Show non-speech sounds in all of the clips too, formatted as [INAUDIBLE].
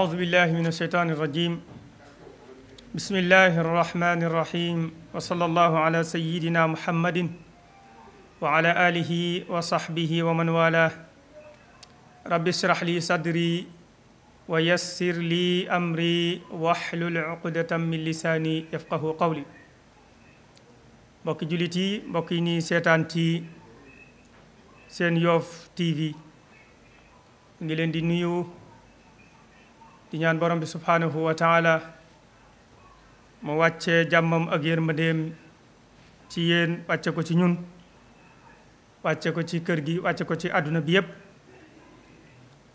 أعوذ بالله من الشيطان الرجيم بسم الله الرحمن الرحيم وصلى الله على سيدنا محمد وعلى آله وصحبه ومن والاه رب اشرح لي صدري ويسر لي أمري واحلل عقدة من لساني يفقه قولي بوكي جوليتي yi mbokk yi ñuy seetaan ci seen Yoff ngi len di nuyu di ñaan borom bi subhanahu wa taala mu wacce jammam ak yërmandeem ci yeen wacce ko ci ñun wacce ko ci kër gi wacce ko ci aduna bi yépp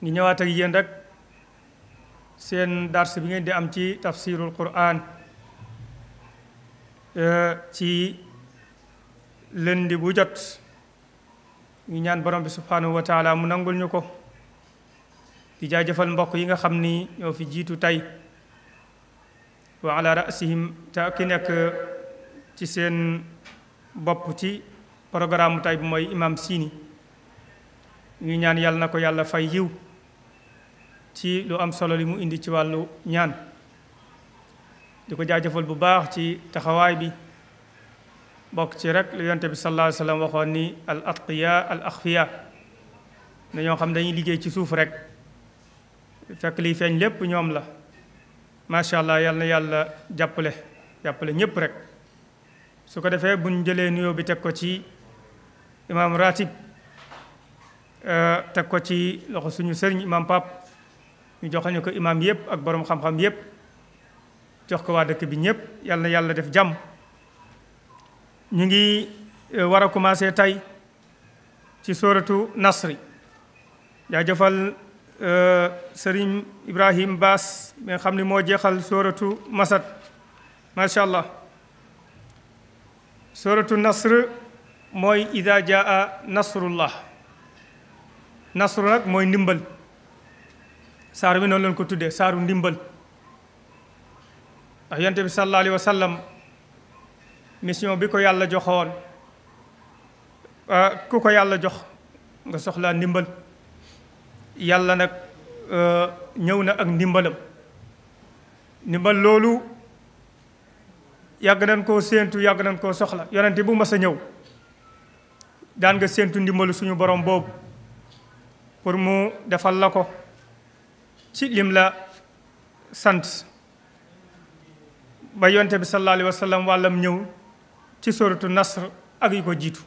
ngi ñëwaat ak yéen rek seen darse bi ngeen di am ci tafsirul quran e, ci lëndi bu jot ñu ñaan borom bi subhanahu wa taala mu nangul ñu ko di jaajëfal mbokk yi nga xam ni ñoo fi jiitu tey wa ala rasihim ta ki nekk ci seen bopp ci programme tey bu mooy imam Sini, ñu ñaan yàlla na ko yàlla fay yiw ci lu am solo li mu indi ci wàllu ñaan di ko jaajëfal bu baax ci taxawaay bi bokk ci rek lu yonte bi sallallahu wa sallam ni al atqiya al axfiya dañoo xam dañuy liggéey ci suuf rek fekk liy feeñ lépp ñoom la macha allah yal na yàlla jàppale jàppale ñëpp rek su ko defee buñ jëlee nuyoo bi teg ko ci imaam ratib euh, teg ko ci loxo suñu sëriñ imaam pap ñu jox ñu ko imaam yëpp ak borom xam-xam yëpp jox ko waa dëkk bi ñëpp yàlla yàlla def jàmm ñu ngi euh, war a commencé tey ci sóoratu nasri jaajëfal sëriñ Ibrahim Baas mi nga xam ne moo jeexal sóoratu Masad macha allah sóoratu Nasr mooy ida jaa nasrullah nasru nag mooy ndimbal saar bi noonu leen ko tuddee saaru ndimbal ndax yonte bi sallallahu alayhi wa sallam mission bi ko yàlla joxoon ku ko yàlla jox nga soxlaa ndimbal yàlla nag euh, ñëw na ak ndimbalam ndimbal loolu yàgg nañ koo séentu yàgg nañ koo soxla yonente bu mas a ñëw daan nga séentu ndimbalu suñu borom boobu pour mu defal la ko ci lim la sant ba yonte bi sallallahu alayhi wa sallam ñëw ci soratu nasr ak yu ko jiitu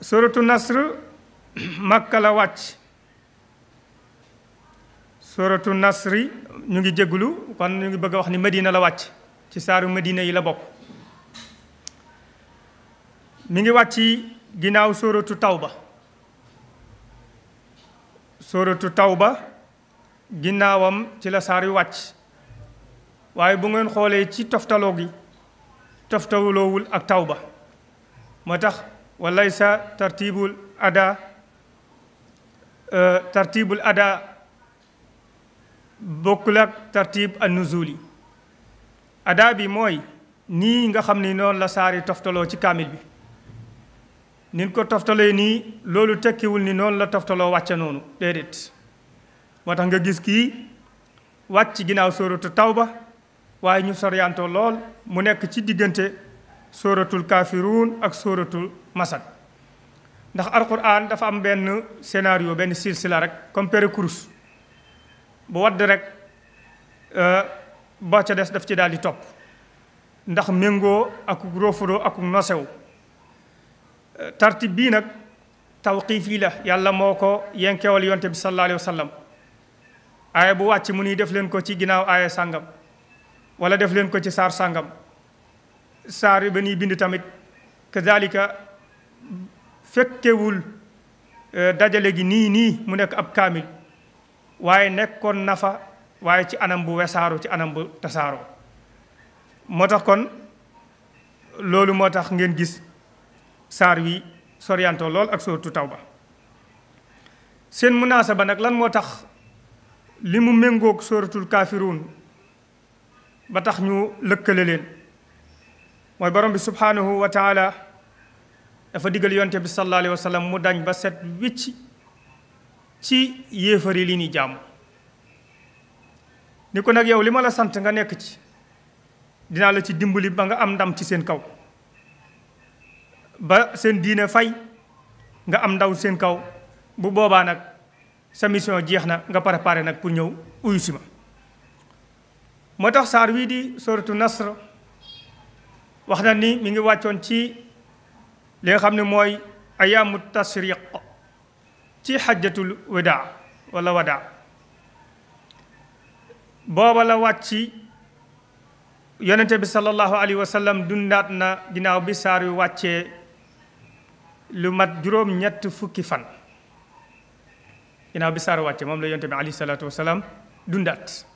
soratu nasr [CLEARS THROAT] makka la wàcc suratu nasri ñu ngi jégglu kon ñu ngi bëgg a wax ni madina la wàcc ci saaru madina yi la bokk mu ngi wàcc ginnaaw taw ba tawba taw ba ginnaawam ci la saar yu wàcc waaye bu ngeen xoolee ci toftaloo gi toftaloowul ak taw ba moo tax walaysa tartibul ada Euh, tartibul ada bokkul ak tartib an nuzuli bi mooy nii nga xam ni noonu la saari toftaloo ci kaamil bi nin ko toftalee nii loolu tekkiwul ni noonu la toftaloo wàcce noonu déedéet moo tax nga gis kii wàcc ginnaaw sóoratu tawba waaye ñu soriyantoo lool mu nekk ci diggante sóoratul kaafiruun ak sóoratul masad ndax alquran dafa am benn scénario benn silsila rek comme kurus bu wadd rek euh, ba ca des daf ci daal di topp ndax méngoo ak roofaloo ak nosew tartib bii nag tawqiifi la yàlla moo ko yenkewal yonte bi sallallahu alayhi wa aaya bu wàcc mu ni def leen ko ci ginnaaw aaya sàngam wala def leen ko ci saar sàngam saar ba ñuy bind tamit kazalika fekkewul euh, dajale gi nii nii mu nekk ab kaamil waaye nekkoon na fa waaye ci anam bu wesaaro ci anam bu tasaaroo moo tax kon loolu moo tax ngeen gis saar wi sorianto lool ak taw ba seen munaasaba nag lan moo tax li mu méngoog sóoratul kaafiruun ba tax ñu lëkkale leen mooy borom bi subhanahu wa dafa digal yonte bi sallallahu alaihi wasallam mu dañ ba set wicc ci yéefari li ni jàmm ni ko nag yow li ma la sant nga nekk ci dinaa la ci dimbali ba nga am ndam ci seen kaw ba seen diine fay nga am ndaw seen kaw bu boobaa nag sa mission jeex na nga préparé nag pour ñëw uyu si ma moo tax saar wii di soratu nasr wax na ni mi ngi wàccoon ci li nga xam ne mooy ayaamu tashriq ci xajjatul wadaa wala wadaa booba la wàcc yonente bi sallallahu alayhi wa dundaat na ginnaaw bi saar yu lu mat juróom-ñett fukki fan ginnaaw bi saar wàccee moom la yonente bi dundaat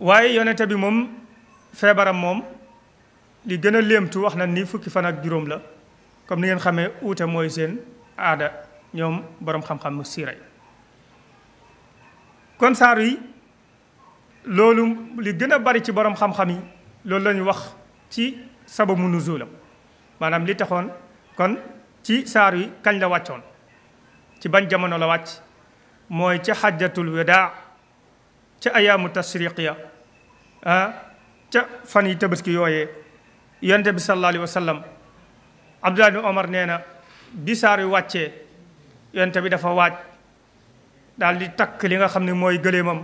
waaye yonente bi moom feebaram moom li gën a léemtu wax na ni fukki fan ak juróom la comme ni ngeen xamee uute mooy seen aada ñoom boroom xam-xam siira yi kon saar yi loolu li gën a bari ci boroom xam-xam yi loolu lañu wax ci sababu nuzulam maanaam li taxoon kon ci saar yi kañ la wàccoon ci bañ jamono la wàcc mooy ca xajjatul wadaa ca ayaamu tashriqiya ya ah, ca fan yi tabaski yooyee yonte bi sallallahu alaihi wasallam abdullah ibn umar neena na bi saar yu wàccee yonte bi dafa waaj dal di tak li nga xamni moy mooy gëleemam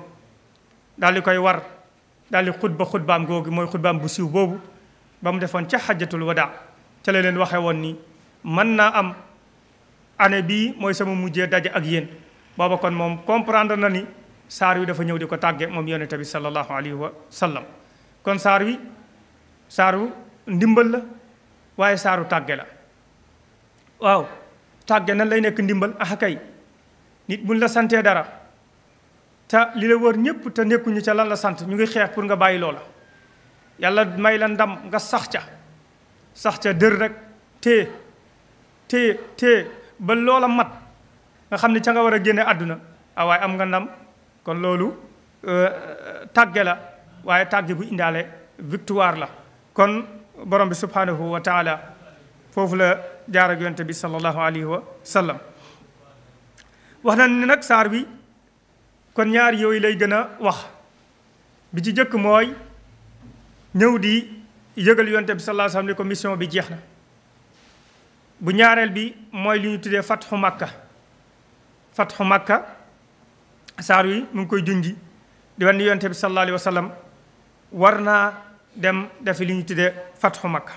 di koy war dal di khutba khutbam gogi moy khutbam bu siw bobu bam defon hajjatul wada ca la len waxe won ni man na am ane bi moy sama mujjé dajje ak yeen baba kon mom comprendre na ni saar wi dafa ñew di ko tàgge moom bi sallallahu alaihi wasallam kon saar wi ndimbal la waaye saaru tàgge la waaw tàgge na lay nekk ndimbal ax ah, nit buñ la santee dara te li la wër ñépp te nekkuñu ca lan la sant ñu ngi xeex pour nga bàyyi loola yàlla may la ndam nga sax ca sax ca dër rek tée tée tée ba loola mat nga xam ne ca nga war a génne àdduna a ah, waaye am nga ndam kon loolu euh, tàgge la waaye tàgge bu indaale victoire la kon borom bi subhanahu wa taala foofu la jaar ak yonte bi sallallahu alayhi wa sallam wax nañ ne nag saar bi kon ñaar yooyu lay gëna wax bi ci jëk moy ñëw di yëgal yonte bi sallallahu alayhi wa sallam ko mission bi jeex na bu ñaarel bi moy li ñu tuddé fathu makkah fathu makkah sar wi mu ngi koy junji di wan ni yonte bi sallallahu alayhi wa sallam war dem dafi li ñu de fatxu makka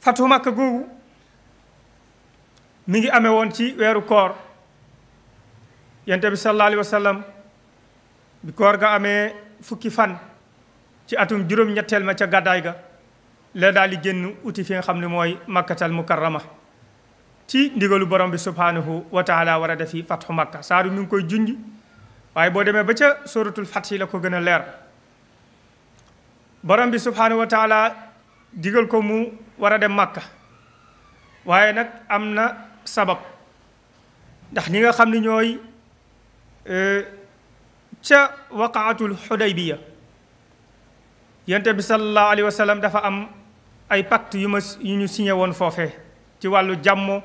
fatxu makka googu mi ngi amee woon ci weeru koor yonent bi sallallahu alayhi wa bi koor ga amee fukki fan ci atum juróom-ñetteel ma ca gàddaay ga la daal di génn uti fi nga xam ne mooy makkatal mukarrama ci ndigalu borom bi subhanahu wa taala war a defi fatxu makka saaru mi ngi koy junj waaye boo demee ba ca sóoratul fatxi la ko gën a leer borom bi subhanahu wa taala digal ko mu wara dem màkka waye nak amna sabab ndax ñi nga xamni ñoy ñooy ca waqaatul hudaybiyya yanta bi sallallahu alayhi wa sallam dafa am ay pacte yu ma yu ñu signé won fofé ci wàllu jàmmo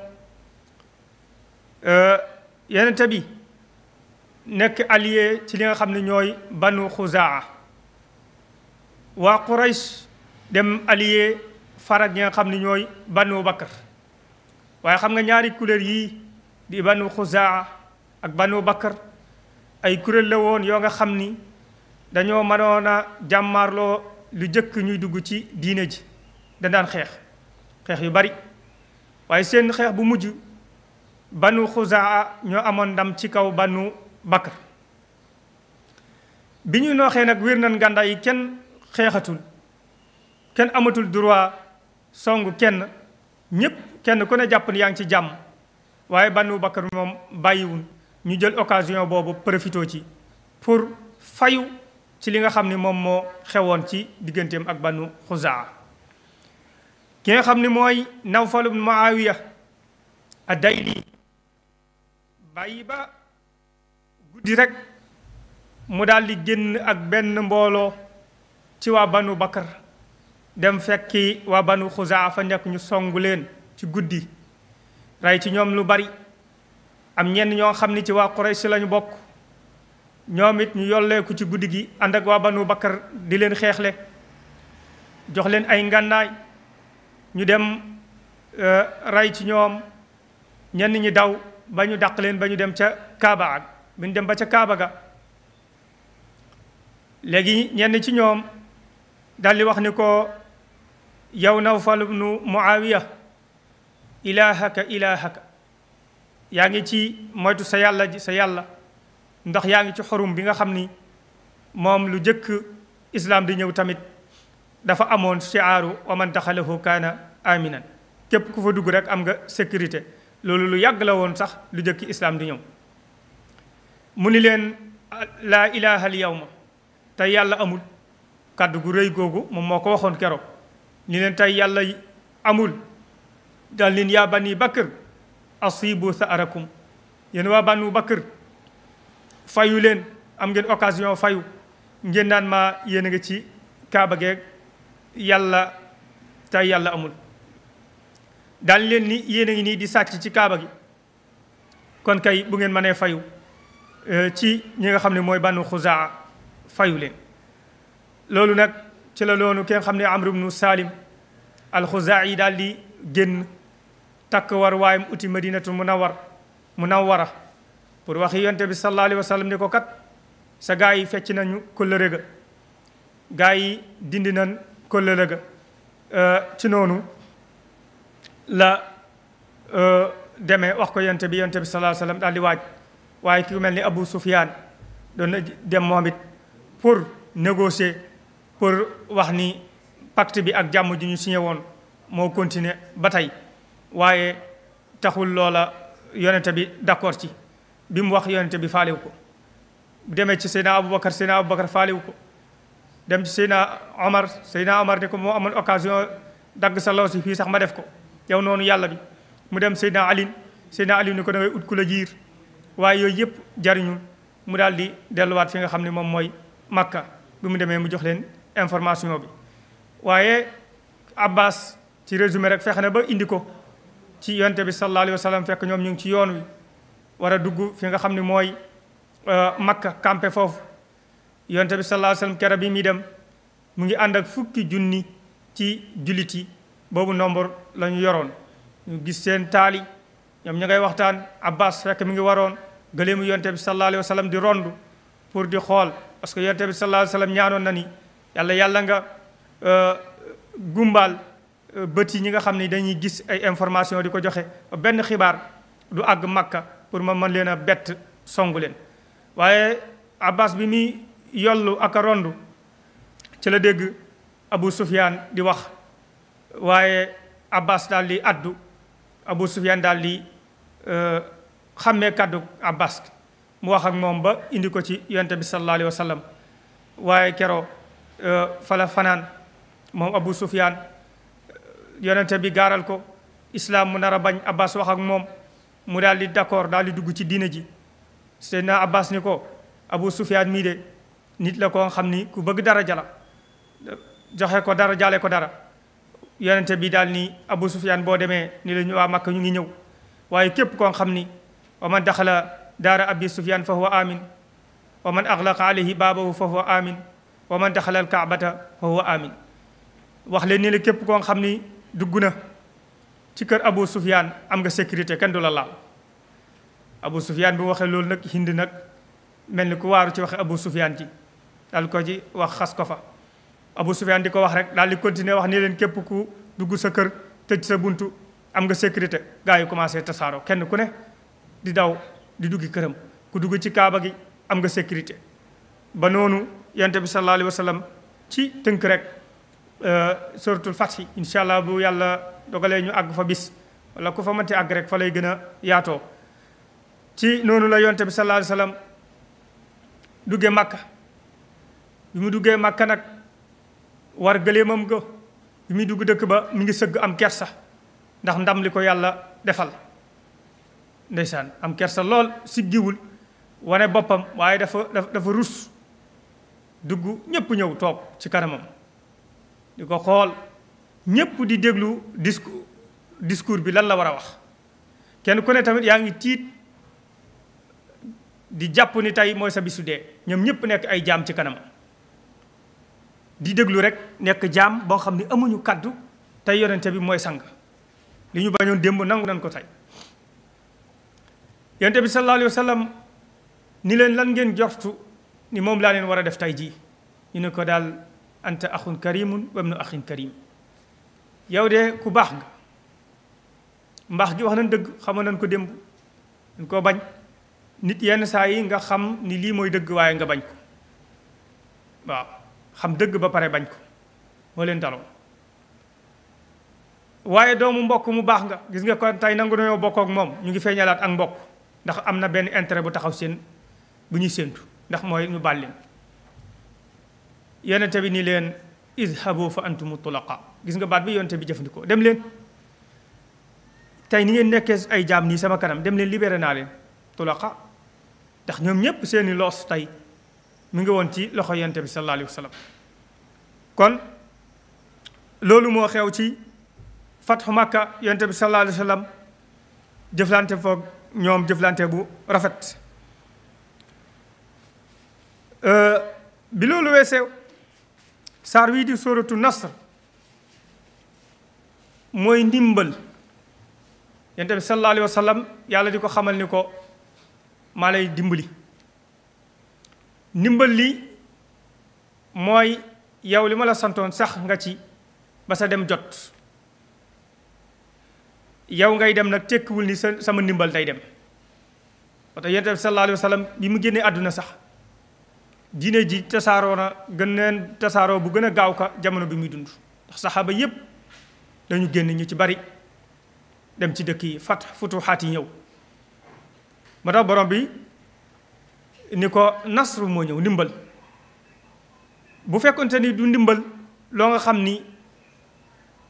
yanta bi nek allié ci li nga xamni ñoy banu xuzaa waa Quraysh dem allié farak yi nga xam ni ñooy Banu bakkar waaye xam nga ñaari kuréel yi di Banu Xuzaa ak Banu Bakar ay kuréel la woon yoo nga xam ni dañoo mënoon a jàmmaarloo lu jëkk ñuy dugg ci diine ji da xeex xeex yu bari waaye seen xeex bu mujj Banu Xuzaa ñoo amoon ndam ci kaw Banu Bakar bi ñu nooxee nag wér nañ gàndaay yi kenn xeexatul kenn amatul droit song kenn ñépp kenn ku ne jàpp yaa ngi ci jàmm waaye Banu Bakar moom bàyyiwul ñu jël occasion boobu profito ci pour fayu ci li nga xam ni moom moo xewoon ci digganteem ak Banu Xuzaa ki nga xam ni mooy Nawfal ibn Muawiya ad-Dayli bàyyi ba guddi rek mu daal di génn ak benn mbooloo ci wa banu bakar dem fekki wa banu xusaa fa nekk ñu songu leen ci guddii ray ci ñom lu bari am ñen ño xamni ci wa quraysh lañu bok it ñu ku ci guddii gi and ak wa banu bakar di leen xexle jox leen ay ngànnaay ñu dem euh, ray ci ñom ñen ñi daw bañu dak leen bañu dem ca kaaba ak dem ba ca kaaba ga legi ñen ci ñom daldi wax ni ko yow naw Nawfal mu Muawiya ilaahaka ilaahaka yaa ngi ci moytu sa yàlla ji sa yàlla ndax yaa ngi ci xorum bi nga xam ni moom lu jëkk islaam di ñëw tamit dafa amoon chiaaru wa man daxalahu kaana aminan képp ku fa dugg rek am nga sécurité loolu lu yàgg la woon sax lu jëkk islaam di ñëw mu ni leen laa ilaha al yawma yàlla amul kàddu gu rëy googu moom moo ko waxoon keroog ni leen tey yàlla amul dal leen yaa bani bakr asibu saarakum yéen waa banu bakr fayu leen am ngeen occasion fayu ngeen naan ma yéen a ngi ci kaaba geeg yàlla tey yàlla amul daal leen ni yéen a ngi nii di sàcc ci kaaba gi kon kay bu ngeen mënee fayu eh, ci ñi nga xam ne mooy banu xuzaa fayu leen loolu nag ci la noonu ki nga xam ne amru bnu salim alxuzaa yi daal di génn takk war waayam uti madinatul munawar munawara pour waxi yonte bi sallallahu alayhi wa ni ko kat sa gaa yi fecc nañu kóllëre ga gaa yi dindi nañ kóllëre ga euh, ci noonu la euh, demee wax ko yonte bi yonte bi sallallahu alayhi wa daal di waaj waaye ki mel ni Abu Sufyaan doon dem moom it pour négocier pour wax ni pacte bi ak jàmm ji ñu signé woon moo continuer ba tey waaye taxul loola yonente bi d'accord ci bi mu wax yonente bi faaliwu ko demee ci Seydina Aboubacar Seydina Aboubacar faaliwu ko dem ci Seydina Omar Seydina Omar ni ko moo amoon occasion dagg sa law si fii sax ma def ko yow noonu yàlla bi mu dem Seydina Ali Seydina Ali ni ko da ngay ut ku la jiir waaye yooyu yëpp jariñul mu daal di delluwaat fi nga xam ne moom mooy Makka bi mu demee mu jox leen information bi waye abbas ci résumé rek fexna ba indi ko ci yonte bi sallallahu alayhi wasallam fek ñom ñu ci yoon wi wara dugg fi nga xamni moy euh, makka campé fofu yonte bi sallallahu alayhi wasallam kera bi mi dem mu ngi and ak fukki junni ci juliti, bobu nombre la ñu ñu gis seen tali ñom ñay waxtaan abbas fek mi ngi waroon gëleemu yonte bi sallallahu alayhi wasallam di rondu pour di xol parce que yonte bi sallallahu alayhi wasallam ñaanon na ni yalla yalla nga euh, gumbal euh, bët yi ñi nga xamni dañuy gis ay information di joxe ben xibar du ag Makka pour ma man leena bet songu len waaye Abbas bi mi yollu ak rondu ci la deg Abu Sufyan di wax waaye Abbas dal li addu Abu dal li euh xamé kaddu Abbas mu wax ak mom ba indi ko ci yantabi sallallahu alaihi wa waye waaye Euh, fala fanaan moom Abu Sufyaan euh, yonente bi gaaral ko islaam mu nar bañ Abbas wax ak moom mu daal di d'accord daal di dugg ci diina ji Seydina Abbas ni ko Abu Sufyaan mii de nit la koo xam ni ku bëgg dara jala joxe ko dara jale ko dara yonente bi daal ni Abu Sufyaan boo demee ni la ñu waa Makka ñu ngi ñëw waaye képp koo xam ni wa man daxala daara abi Sufyaan fa huwa amin wa man axlaqa alayhi baabahu fa huwa amin wa man daxala al kaabata fa huwa amin wax leen ni la képp koo xam ni dugg na ci kër Abu Sufyaan am nga sécurité kenn du la laal Abu Sufyaan bi waxee loolu nag Hind nag mel ni ku waaru ci waxe Abu Sufyaan ci daal ko ci wax xas ko fa Abu Sufyaan di ko wax rek daal di continuer wax ni leen képp ku dugg sa kër tëj sa bunt am nga sécurité gars yi commencé tasaaroo kenn ku ne di daw di duggi këram ku dugg ci kaaba gi am nga sécurité ba noonu yonte bi sallallahu alayhi wa sallam ci tënk rek euh, suratul fathi incha allah bu yàlla dogalee ñu àgg fa bis wala ku fa mënti àgg rek fa lay gën a yaatoo ci noonu la yonte bi sallallahu alayhi wa sallam duggee bi mu duggee makka nag war gëleemam ga bi muy dugg dëkk ba mu ngi sëgg am kersa ndax ndam li ko yàlla defal ndeysaan am kersa lool siggiwul wane boppam waaye dafa dafa rus dugg ñëpp ñëw toog ci kanamam di ko xool di deglu discours discours bi lan la war a wax kenn ku ne tamit yaa ngi tiit di jàpp ni tey mooy sa bisu dee ñoom ñëpp ay jaam ci kanamam di deglu rek nek jaam boo xam ne amuñu kaddu tey yonente bi mooy sang li ñu bañoon démb nangu nañ ko tey yonente bi sallallahu alayhi wa ni leen lan ngeen jortu ni mom la len wara def tay ji ñu ne ko dal anta akhun karimun wa ibn akhin karim yow de ku bax nga mbaax gi wax na deug xam nañ ko demb dañ ko bañ nit yenn saa yi nga xam ni li moy deug waye nga bañ ko wa xam deug ba pare bañ ko mo len daloo waye doomu mbokk mu bax nga gis nga ko tay nangu ñoo bokk ak mom ñu ngi feñalat ak mbokk ndax amna na intérêt bu taxaw seen bu ñuy sentu ndax mooy ñu bàllin yonente bi ni leen izhabu fa antum tulaqa gis nga baat bi yonente bi jëfandikoo dem leen tey ni ngeen nekkee ay jaam nii sama kanam dem leen libéré naa leen tulaqa ndax ñoom ñépp seeni loos tey mi ngi woon ci loxo yonente bi sallallahu alayhi wasallam kon loolu moo xew ci fathu makka yonente bi sallallahu alayhi wasallam jëflante foog ñoom jëflante bu rafet Euh, bi loolu weesee saar wii di sóoratu nasr mooy ndimbal yonent bi sallallahu alayhi yàlla di ko xamal ni ko maa lay dimbali ndimbal li mooy yow li ma la santoon sax nga ci ba sa dem jot yow ngay dem nag tekkiwul ni sa sama ndimbal day dem wata yonent bi sallallahu alayhi wa sallam bi mu génnee àdduna sax diine ji tasaaroo na gën leen tasaaroo bu gën a gaaw ka jamono bi muy dund ndax saxaaba yépp dañu génn ñu ci bari dem ci dëkk yi fat futuxaat ñëw moo tax borom bi ni ko nasru moo ñëw ndimbal bu fekkante ni du ndimbal loo nga xam ni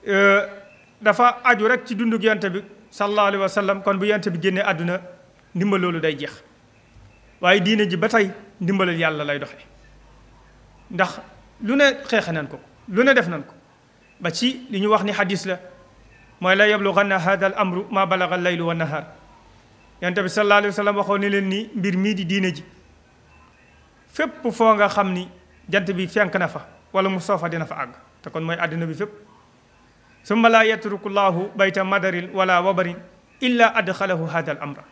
euh, dafa aju rek ci dundug yonte bi sallallahu alayhi wa sallam kon bu yonte bi génnee àdduna ndimbal loolu day jeex waaye diine ji ba tey ndimbalal yàlla lay doxee ndax lu ne xeexe nan ko lu ne def nan ko ba ci li ñu wax ni xadis la mooy la yabluganna hada al amru ma balaga laylu wa nahar yonent bi sallallahu alayhi wasallam sallam waxoon ne leen ni mbir mii di diine ji fépp foo nga xam ni jant bi fenk na fa wala mu soofa dina fa àgg te kon mooy àddina bi fépp summa la yatruku llahu bayta madarin wala wabarin illa adxalahu hada al amra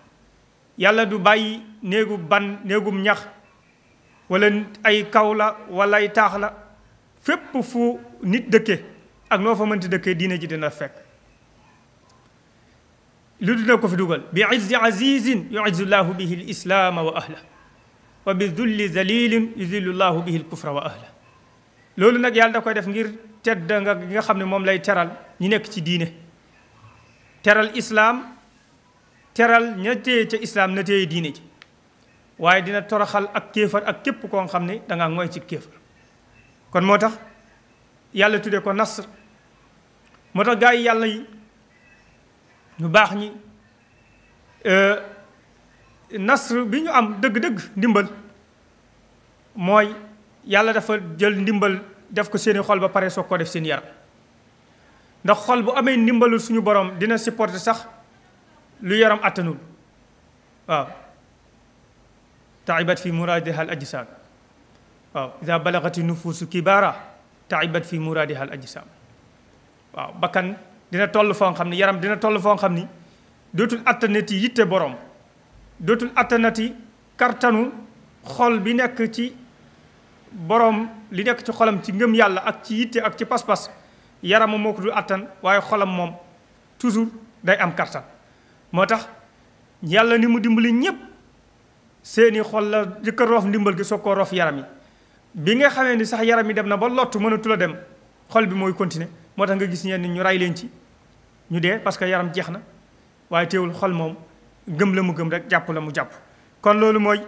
yàlla du bàyyi néegub ban néegum ñax wala ay kaw la wala ay taax la fépp fu nit dëkke ak noo fa mënti dëkkee diine ji dina fekk lu dina ko fi dugal bi izzi azizin yuizzu llahu bihi lislaama wa ahla wa bi dulli zalilin yuzillu llahu bihi lkufra wa ahla loolu nag yàlla da koy def ngir tedd nga nga xam ne moom lay teral ñi nekk ci diine teral islaam teral ña téye ca islaam na téye diine ji waaye dina toroxal ak kéefar ak képp koo xam ne danga ngoy ci kéefar kon moo tax yàlla tudde ko nasr moo tax gaa yi yàlla yi ñu baax ñi euh, nasr bi ñu am dëgg-dëgg ndimbal mooy yàlla dafa jël ndimbal def ko seeni xol ba pare soog koo def seen yaram ndax xol bu amee ndimbalul suñu borom dina supporter sax lu yaram àttanul waaw تعبت في مرادها الأجسام waaw ida balagati nufuusu kibaara taibat fi muraadihal ajsaam waaw bakkan dina toll foo xam ni yaram dina toll foo xam ni dootul attanati yitte borom dootul attanati kartanu xol bi nekk ci borom li nekk ci xolam ci ngëm yàlla ak ci yitte ak ci pas-pas yaramam moo ko dul attan waaye xolam moom toujours day am kartan moo tax yàlla ni mu dimbali ñépp seeni xol la jëkk a roof ndimbal gi soog koo roof yaram yi bi nga xamee ni sax yaram yi dem na ba lottu mënatul a dem xol bi mooy continuer moo tax nga gis ñenn ñu ray leen ci ñu dee parce que yaram jeex na waaye teewul xol moom gëm la mu gëm rek jàpp la mu jàpp kon loolu mooy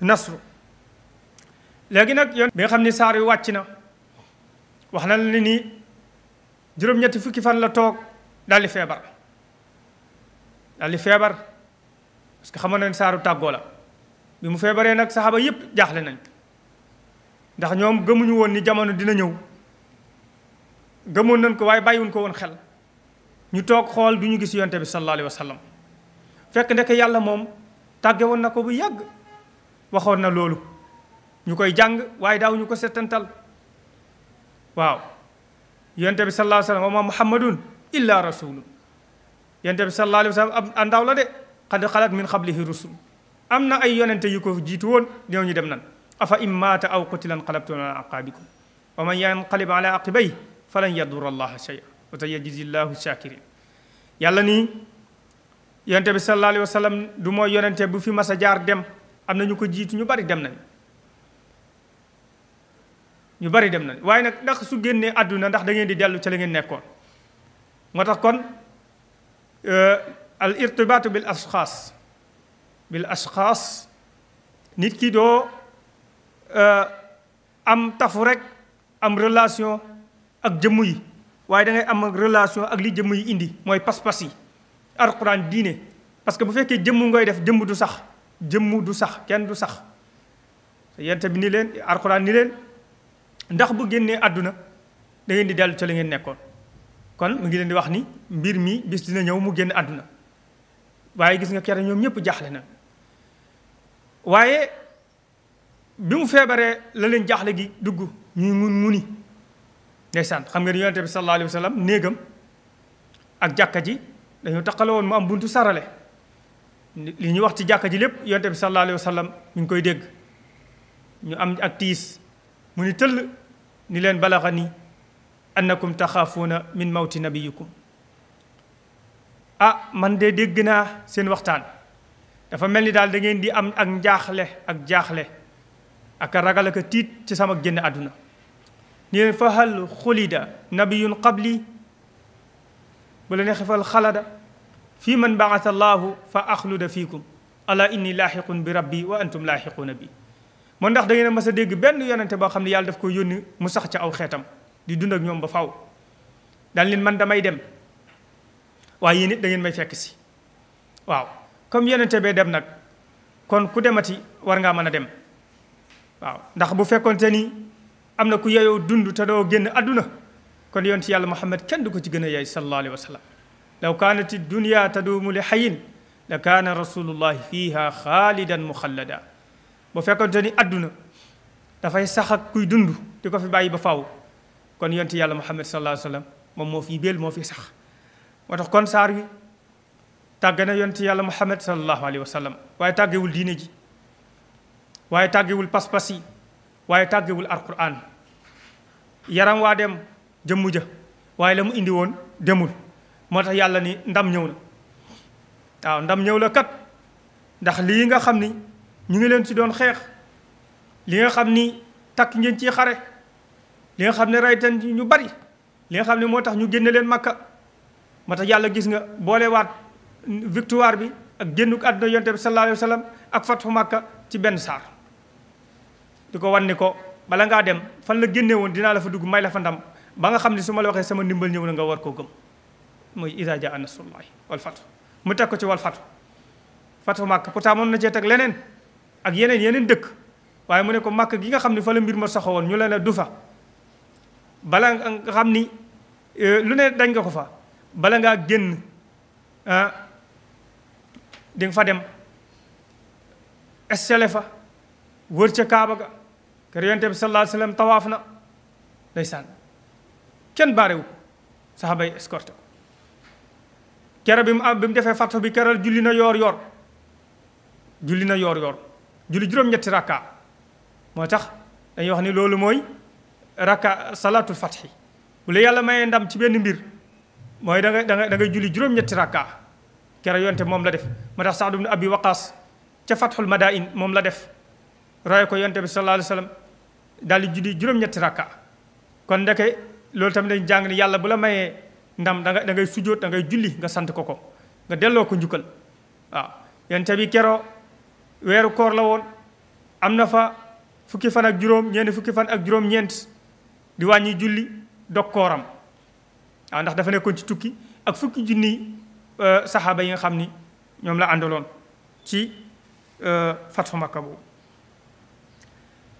nasru léegi nag yoon bi nga xam ne saaru wàcc na wax na la ni juróom-ñetti fukki fan la toog di feebar daldi feebar parce que xamoon na ne saaru tàggoo la bi mu feebaree nag saxaaba yépp jaaxle nañ ndax ñoom gëmuñu woon ni jamono dina ñëw gëmoon nañ ko waaye bàyyiwuñ ko woon xel ñu toog xool du ñu gis yonte bi sallallahu alayhi wa sallam fekk ndek yàlla moom tàgge woon na ko bu yàgg waxoon na loolu ñu koy jàng waaye daaw ñu ko settantal waaw yonte bi sallallahu alayhi wa sallam wa muhammadun illa rasulun yonte bi sallallahu alayhi wa sallam ab la de xad xalat min qablihi rusul amna ay yonente yu ko jiitu woon ñu dem nan afa in maata aw qutilan qalabtum ala aqabikum wa man yanqalib ala aqibay falan yadur allah shay'a wa sayajzi allah shakirin yàlla ni yonente bi sallallahu alayhi wasallam du mo yonente bu fi massa jaar dem amna na ñu ko jiitu ñu bari dem nañ ñu bari dem nañ waaye nak ndax su génné aduna ndax da ngeen di delu ci la ngeen nekkoon motax tax kon al irtibatu bil ashkhas bil ashxaas nit ki euh, am tafu rek am relation ak jëmm yi da ngay am relation ak li jëmm yi indi moy pas-pas yi alquran diine parce que bu fekke jëmm ngoy def jëmm du sax jëmm du sax kenn du sax yent bi ni len alquran ni len ndax bu genné aduna da ngeen di dellu ci la ngeen nekkon kon mu ngi len di wax ni mbir mi bis dina ñew mu genn aduna waye gis nga kere ñom ñepp jaxlé na waaye bi mu feebaree la leen jaaxle gi dugg ñuy mun muni ndeysaan xam nga ni yonente bi sallallahu alayhi wa néegam ak jàkka ji dañoo taqale woon mu am buntu sarale li ñuy wax ci jàkka ji lépp yonente bi sallallahu alayhi wa sallam ñu koy dégg ñu am ak tiis mu ni tëll ni leen balaxa ni annakum taxaafuuna min mawti nabiyikum ah man de dégg naa seen waxtaan dafa mel ni daal da ngeen di am ak njaaxle ak jaaxle ak ragal ak tiit ci sama génn àdduna ni leen fa hal xulida nabiyun qabli bu la neexee fal xalada fii man baasa allahu fa axluda fiikum ala inni laaxiqun bi rabbi wa antum laaxiquuna bi mo ndax da ngeen a mas a dégg benn yonente boo xam ne yàlla daf ko yónni mu sax ca aw xeetam di dund ak ñoom ba faw daal leen man damay dem waaye yéen it da ngeen may fekk si waaw comme yonente bee dem nag kon ku demati war ngaa mën a dem waaw ndax bu fekkonte ni am na ku yeyoo dund te doo génn àdduna kon yonent yàlla muhammad kenn du ko ci gën a yey sallallahu alayhi wa sallam law kaanat dunya tadumu li xayin la kaana rasulullah fiha xaalidan muxallada bu fekkonte ni àdduna dafay sax ak kuy dund di ko fi bàyyi ba faaw kon yonent yàlla muhammad sallallahu alayhi wa sallam moom moo fi bél moo fi sax moo tax kon saar wi tàgge na yonent yàlla muhammad sallallahu alayhi wa sallam waaye tàggewul diine ji waaye tàggewul pas-pas yi waaye tàggewul alquran yaram waa dem jëmm ja waaye la mu indi woon demul moo tax yàlla ni ndam ñëw na waaw ndam ñëw la kat ndax li nga xam ni ñu ngi leen si doon xeex li nga xam ni takk ngeen ciy xare li nga xam ne raytan ñu bari li nga xam ne moo tax ñu génne leen makka moo tax yàlla gis nga boolewaat victoire bi ak génnuk àdduna yonte bi sallallahu alayhi wa sallam ak fatxu Makka ci benn saar di ko wan ni ko bala ngaa dem fan la génne woon dinaa la fa dugg may la fa ndam ba nga xam ne su ma la waxee sama ndimbal ñëw na nga war koo gëm mooy iza jaa nasrullahi wal mu teg ko ci wal fatxu fatxu Makka pourtant mën na cee teg leneen ak yeneen yeneen dëkk waaye mu ne ko Makka gi nga xam ne fa la mbir ma soxo woon ñu la ne du fa bala nga xam ni eh, lu ne dañ nga ko fa bala ngaa génn ah, dinga fa dem estele fa wër ca kaaba ga kër yonte bi sallallahu alayhi wa sallam tawaaf na ndeysaan kenn baarewu ko saxaaba yi escorté bi mu am bi mu defee fattu bi keral julli na yoor yoor julli na yoor yoor julli juróom-ñetti rakka moo tax dañuy wax ni loolu mooy rakka salaatul fathi bu la yàlla mayee ndam ci benn mbir mooy da ngay dangay ngay julli juróom-ñetti rakka kera yonte mom la def moo tax saadu abi waqas ci fathul madain mom la def roye ko yonte bi sallallahu alaihi wasallam dal judi juróom ñet rakka kon ndeke lol tam dañ jang ni yalla bu la mayee ndam da nga ngay sujjóot da ngay julli nga sant ko ko nga delloo ko njukal wa yonte bi kero wéru koor la won amna fa fukki fan ak juróom ñen fukki fan ak ñent di wañi julli ndax dafa nekkon ci tukki ak fukki jinni Euh, saxaaba yi nga xam ni ñoom la àndaloon ci euh, fatxu Makka boobu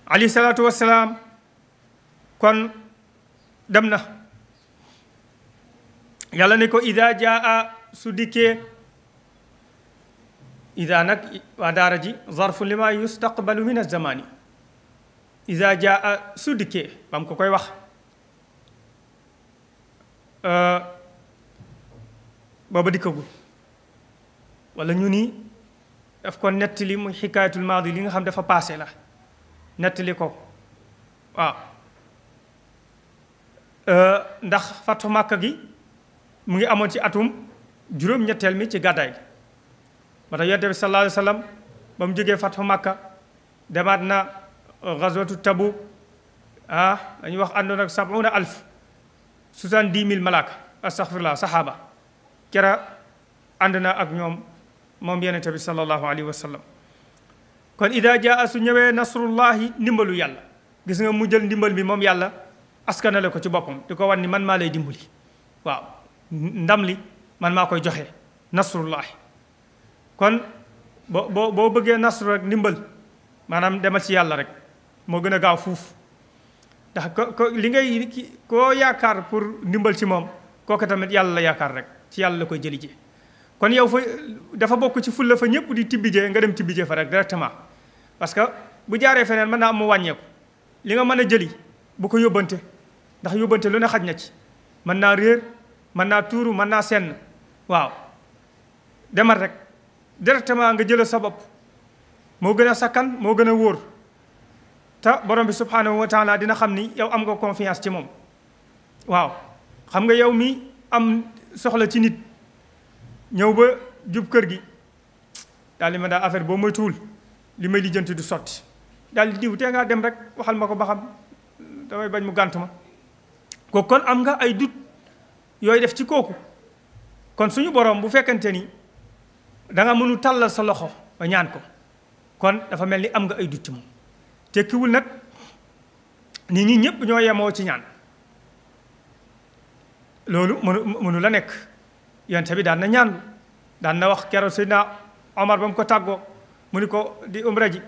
alayhi salaatu wassalaam kon dem na yàlla ne ko ida jaa su dikkee ida nag waa daara ji zarfu lima yustaqbalu min azamani ida jaa su dikkee ba ko koy wax euh, boobu dikkagul wala ñu ni daf ko nettali muy xikaayatul maadi li nga xam dafa paase la nettali ko waaw euh, ndax fatu màkk gi mu ngi amoon ci atum juróom-ñetteel mi ci gàddaay gi moo tax yonte bi sallallahu alayhi ba mu jógee fatu màkka demaat na gazwatu tabuk ah dañuy wax àndoon ak sabuna alf soixante-dix mille malaaka astaghfirullah saxaaba kera ànd na ak ñoom moom yonente bi sallallahu alayhi wa sallam kon ida jaa su ñëwee nasrullahi ndimbalu yàlla gis nga mu jël ndimbal bi moom yàlla askanale ko ci boppam di ko wan ni man maa lay dimbali waaw ndam li man maa koy joxe nasrullahi kon boo boo boo bëggee nasru rek ndimbal maanaam demal ci yàlla rek moo gën a gaaw fuuf ndax ko ko li ngay koo yaakaar pour ndimbal ci moom kooku tamit yàlla la yaakaar rek ci yàlla la koy jëli ji kon yow foo dafa bokk ci fulla fa ñëpp di tibbijee nga dem tibbijee fa rek directement parce que bu jaaree feneen man naa am mu wàññeeku li nga mën a jëli bu ko yóbbante ndax yóbbante lu ne xaj na ci mën naa réer mën naa tuuru mën naa senn waaw demal rek directement nga jëlal sa bopp moo gën a sakkan moo gën a wóor te borom bi subhanahu wa taala dina xam ni yow am nga confiance ci moom waaw xam nga yow mi am soxla ci nit ñew ba jub kër gi dal di ma da affaire moy tul li may lijeenti du soti dal di diw te nga dem rek waxal mako ko ba xam damay bañ mu gantuma ko kon am nga ay dut yoy def ci koku kon suñu borom bu fekkante ni da nga mënu talal sa loxo ba ñaan ko kon dafa mel am nga ay dut ci moom tekkiwul nak ni ñi ñepp ñoo ci ñaan lolu munu la nek yonte bi dal na ñaan dal na wax kero Seydina Omar bam ko taggo mu ko di umra ji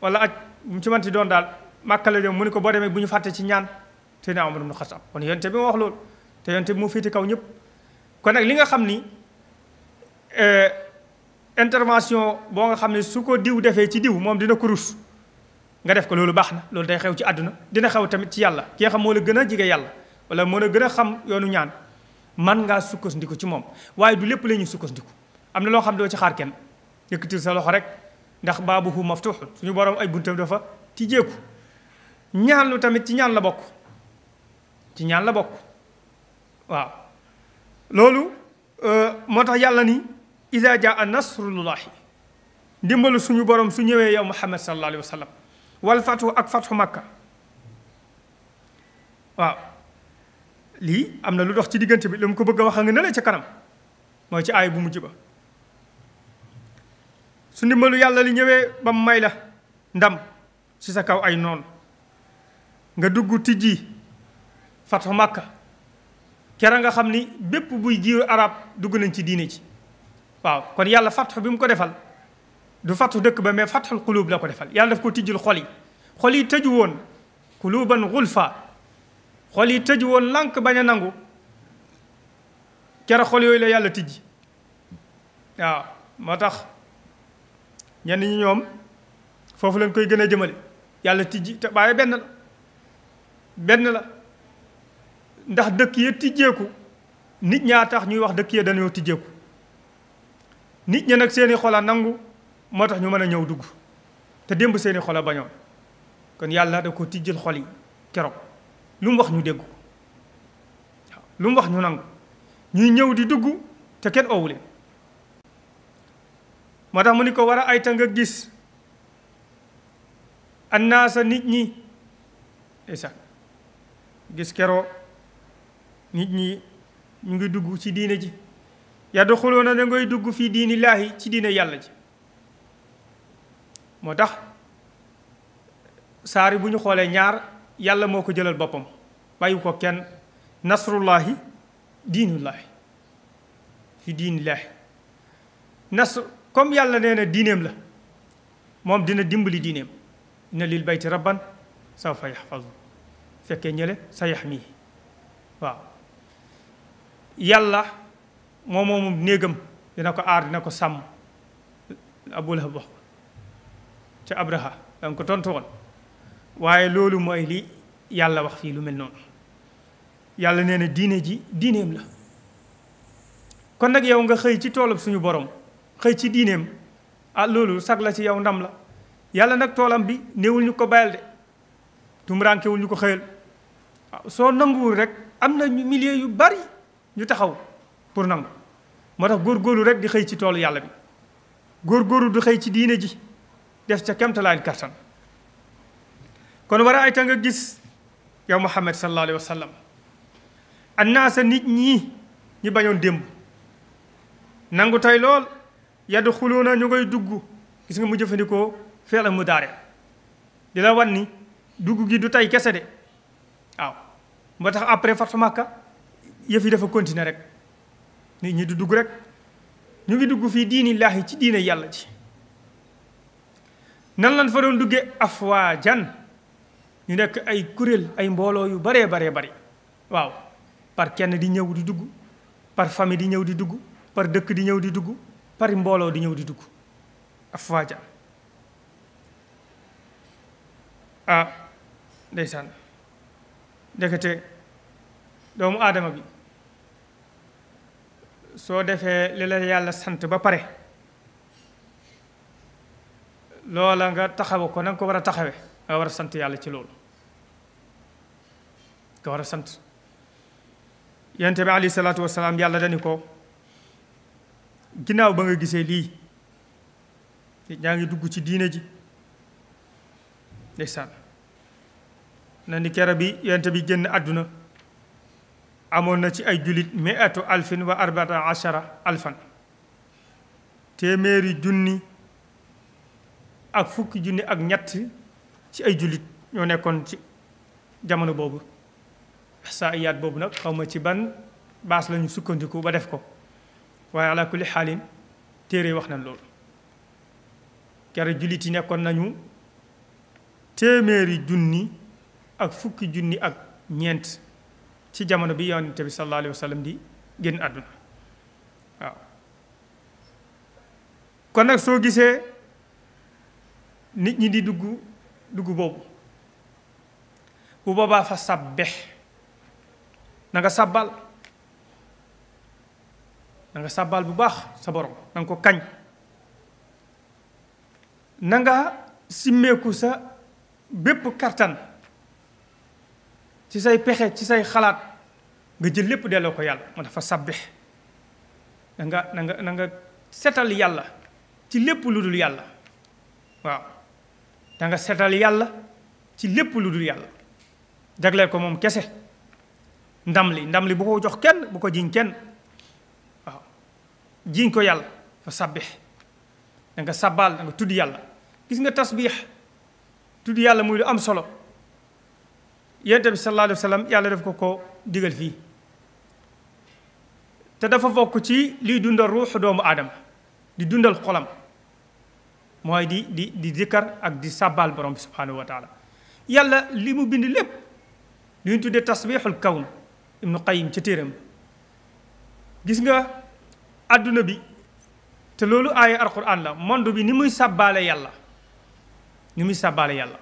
wala ak mu ci manti don dal màkka la jëm mu ni ko boo demee bu ñu ci ñaan Seydina Omar ibn Xattaab kon yonte bi wax loolu te yonte bi mu fiiti kaw ñep kon nak li nga xamni euh intervention bo nga xamni suko diw defé ci diw mom dina ko nga def ko lolu baxna lolu day xew ci aduna dina xew tamit ci yalla ki nga xam mo la gëna jige yalla wala mën a gën a xam yoonu ñaan man ngaa sukkandiku ci moom waaye du lépp la ñuy sukkandiku am na loo xam doo ci xaar kenn yëkkatil sa loxo rek ndax baabuhu maftuh suñu borom ay buntam dafa tijjeeku ñaan lu tamit ci ñaan la bokk ci ñaan la bokk waaw loolu euh, moo tax yàlla ni iza jaa nasrullahi ndimbalu suñu borom su ñëwee yow muhammad sallallahu sa wa sallam wal fathu ak fathu makka waaw li, am lu dox ci digënté bi lu ko bëgg wax nga na la ci kanam moy ci ay bu mujj ba su ndimbalu yalla li ñëwé ba may la ndam ci sa kaw ay non nga dugg tijji fatu makka kera nga xamni ni bu jiiru arab dugg nañ ci wow, ci waaw kon yalla fatu bi mu ko defal du fatu dekk ba mais fatul qulub la ko defal yalla daf ko tijjul xol yi xol yi won quluban ghulfa xol yi tëj woon lànk bañ a nangu kere xol yooyu la yàlla tijji waaw moo tax ñenn ñi ñoom foofu lañ koy gën a jëmale yàlla tijji te bàyyi benn la benn la ndax dëkk ya tijjeeku nit ñaa tax ñuy wax dëkk ya dañoo tijjeeku nit ña nag seeni xol nangu moo tax ñu mën a ñëw dugg te démb seeni xol a bañoon kon yàlla da ko tijjil xol yi keroog lu mu wax ñu dégg waaw lu mu wax ñu nangu ñuy ñëw di dugg te kenn owu leen moo tax mu ni ko war a ayta nga gis annaasa nit ñi isa gis keroo nit ñi mu ngi dugg ci diine ji yadxuluuna da ngay dugg fii diinillaahi ci diine yàlla ji moo tax saari bu ñu xoolee ñaar yàlla moo ko jëlal boppam bàyyi ko kenn nasrullahi diinullahi fi diinillahi nasr comme yàlla nee na diineem la moom dina dimbali diineem inna lil bayti rabban sawfa yaxfazu fekkee ñële sa yaxmii waaw yàlla moom moomum néegam dina ko aar dina ko sàmm abulahab wax ca abraha da ko tontu woon waaye loolu mooy lii yàlla wax fii lu mel noonu yàlla nee na diine ji diineem la kon nag yow nga xëy ci toolub suñu borom xëy ci diineem ah loolu sag la ci yow ndam la yàlla nag toolam bi néewul ñu ko bayal de tumuraankewul ñu ko xëyal ah, soo nanguwul rek am na milliers yu bari ñu taxaw pour nangu moo tax góor góorgóorlu rek di xëy ci toolu yàlla bi góorgóorlu du xëy ci diine ji def ca kemtalaan kartan kon war a ay nga gis yow muhammad sallallahu alayhi wa sallam annaasa nit ñi ñi bañoon démb nangu tey lool yaddu na ñu koy dugg gis nga mu jëfandikoo feela mu daare di la wan ni dugg gi du tey kese de waaw moo tax après fatu Makka yëf yi dafa continuer rek nit ñi du dugg rek ñu ngi dugg fii diini diinillaahi ci diine yàlla ci nan lan fa doon duggee jan ñu nekk ay kuréel ay mbooloo yu bare bare wow, waaw par kenn di ñëw di dugg par famille di ñëw di dugg par dëkk di ñëw di dugg par mbooloo di ñëw di dugg afwaja ah ndeysaan ndekete doomu aadama bi soo defee li la yàlla sant ba pare loola nga taxaw ko na nga ko war a nga war a sant yàlla ci loolu nga war a sant yonent bi alayhi salaatu wasalaam yàlla dani ko ginnaaw ba nga gisee lii ñaa ngi dugg ci diine ji ndeysaan na ni kera bi yonent bi génn àdduna amoon na ci ay julit miatu alfin wa arbata alfan téeméeri junni ak fukki junni ak ñett ci ay jullit ñoo nekkoon ci jamono boobu ihsaa'iyaat boobu nag xaw ma ci ban baas lañu sukkandiku ba def ko waaye ala xaalin téere wax na loolu kere jullit yi nekkoon nañu téeméeri junni ak fukki junni ak ñeent ci jamono bi yonente bi sallallahu alayhi wa sallam di génn àdduna waaw kon nag soo gisee nit ñi di dugg dugg boobu bu boobaa fa sàbbe na nga sàbbal na nga bu baax sa borom na nga ko kañ na nga simmeeku sa bépp kartan ci say pexe ci say xalaat nga jël lépp delloo ko yàlla moo dafa sàbbe na nga na nga na nga setal yàlla ci lépp lu dul waaw da nga setal yàlla ci lépp lu dul yàlla jagleel ko moom kese ndam li ndam li bu ko jox kenn bu ko jiñ kenn waaw jiñ ko yàlla fa sabbih da nga sabbal da nga tudd yàlla gis nga tasbih tudd yàlla muy lu am solo yonente bi sallallahu alayhi wa sallam yàlla def ko ko digal fii te dafa bokk ci liy dundal ruuxu doomu aadama di dundal xolam mooy di di di zikkar ak di sàbbaal borom subhanahu wa taala yàlla limu mu bind lépp li ñu tuddee tasbixul kawn ibnu qayim ca téeram gis nga àdduna bi te loolu aaya alquran la monde bi ni muy sàbbaale yàlla ni muy sàbbaale yàlla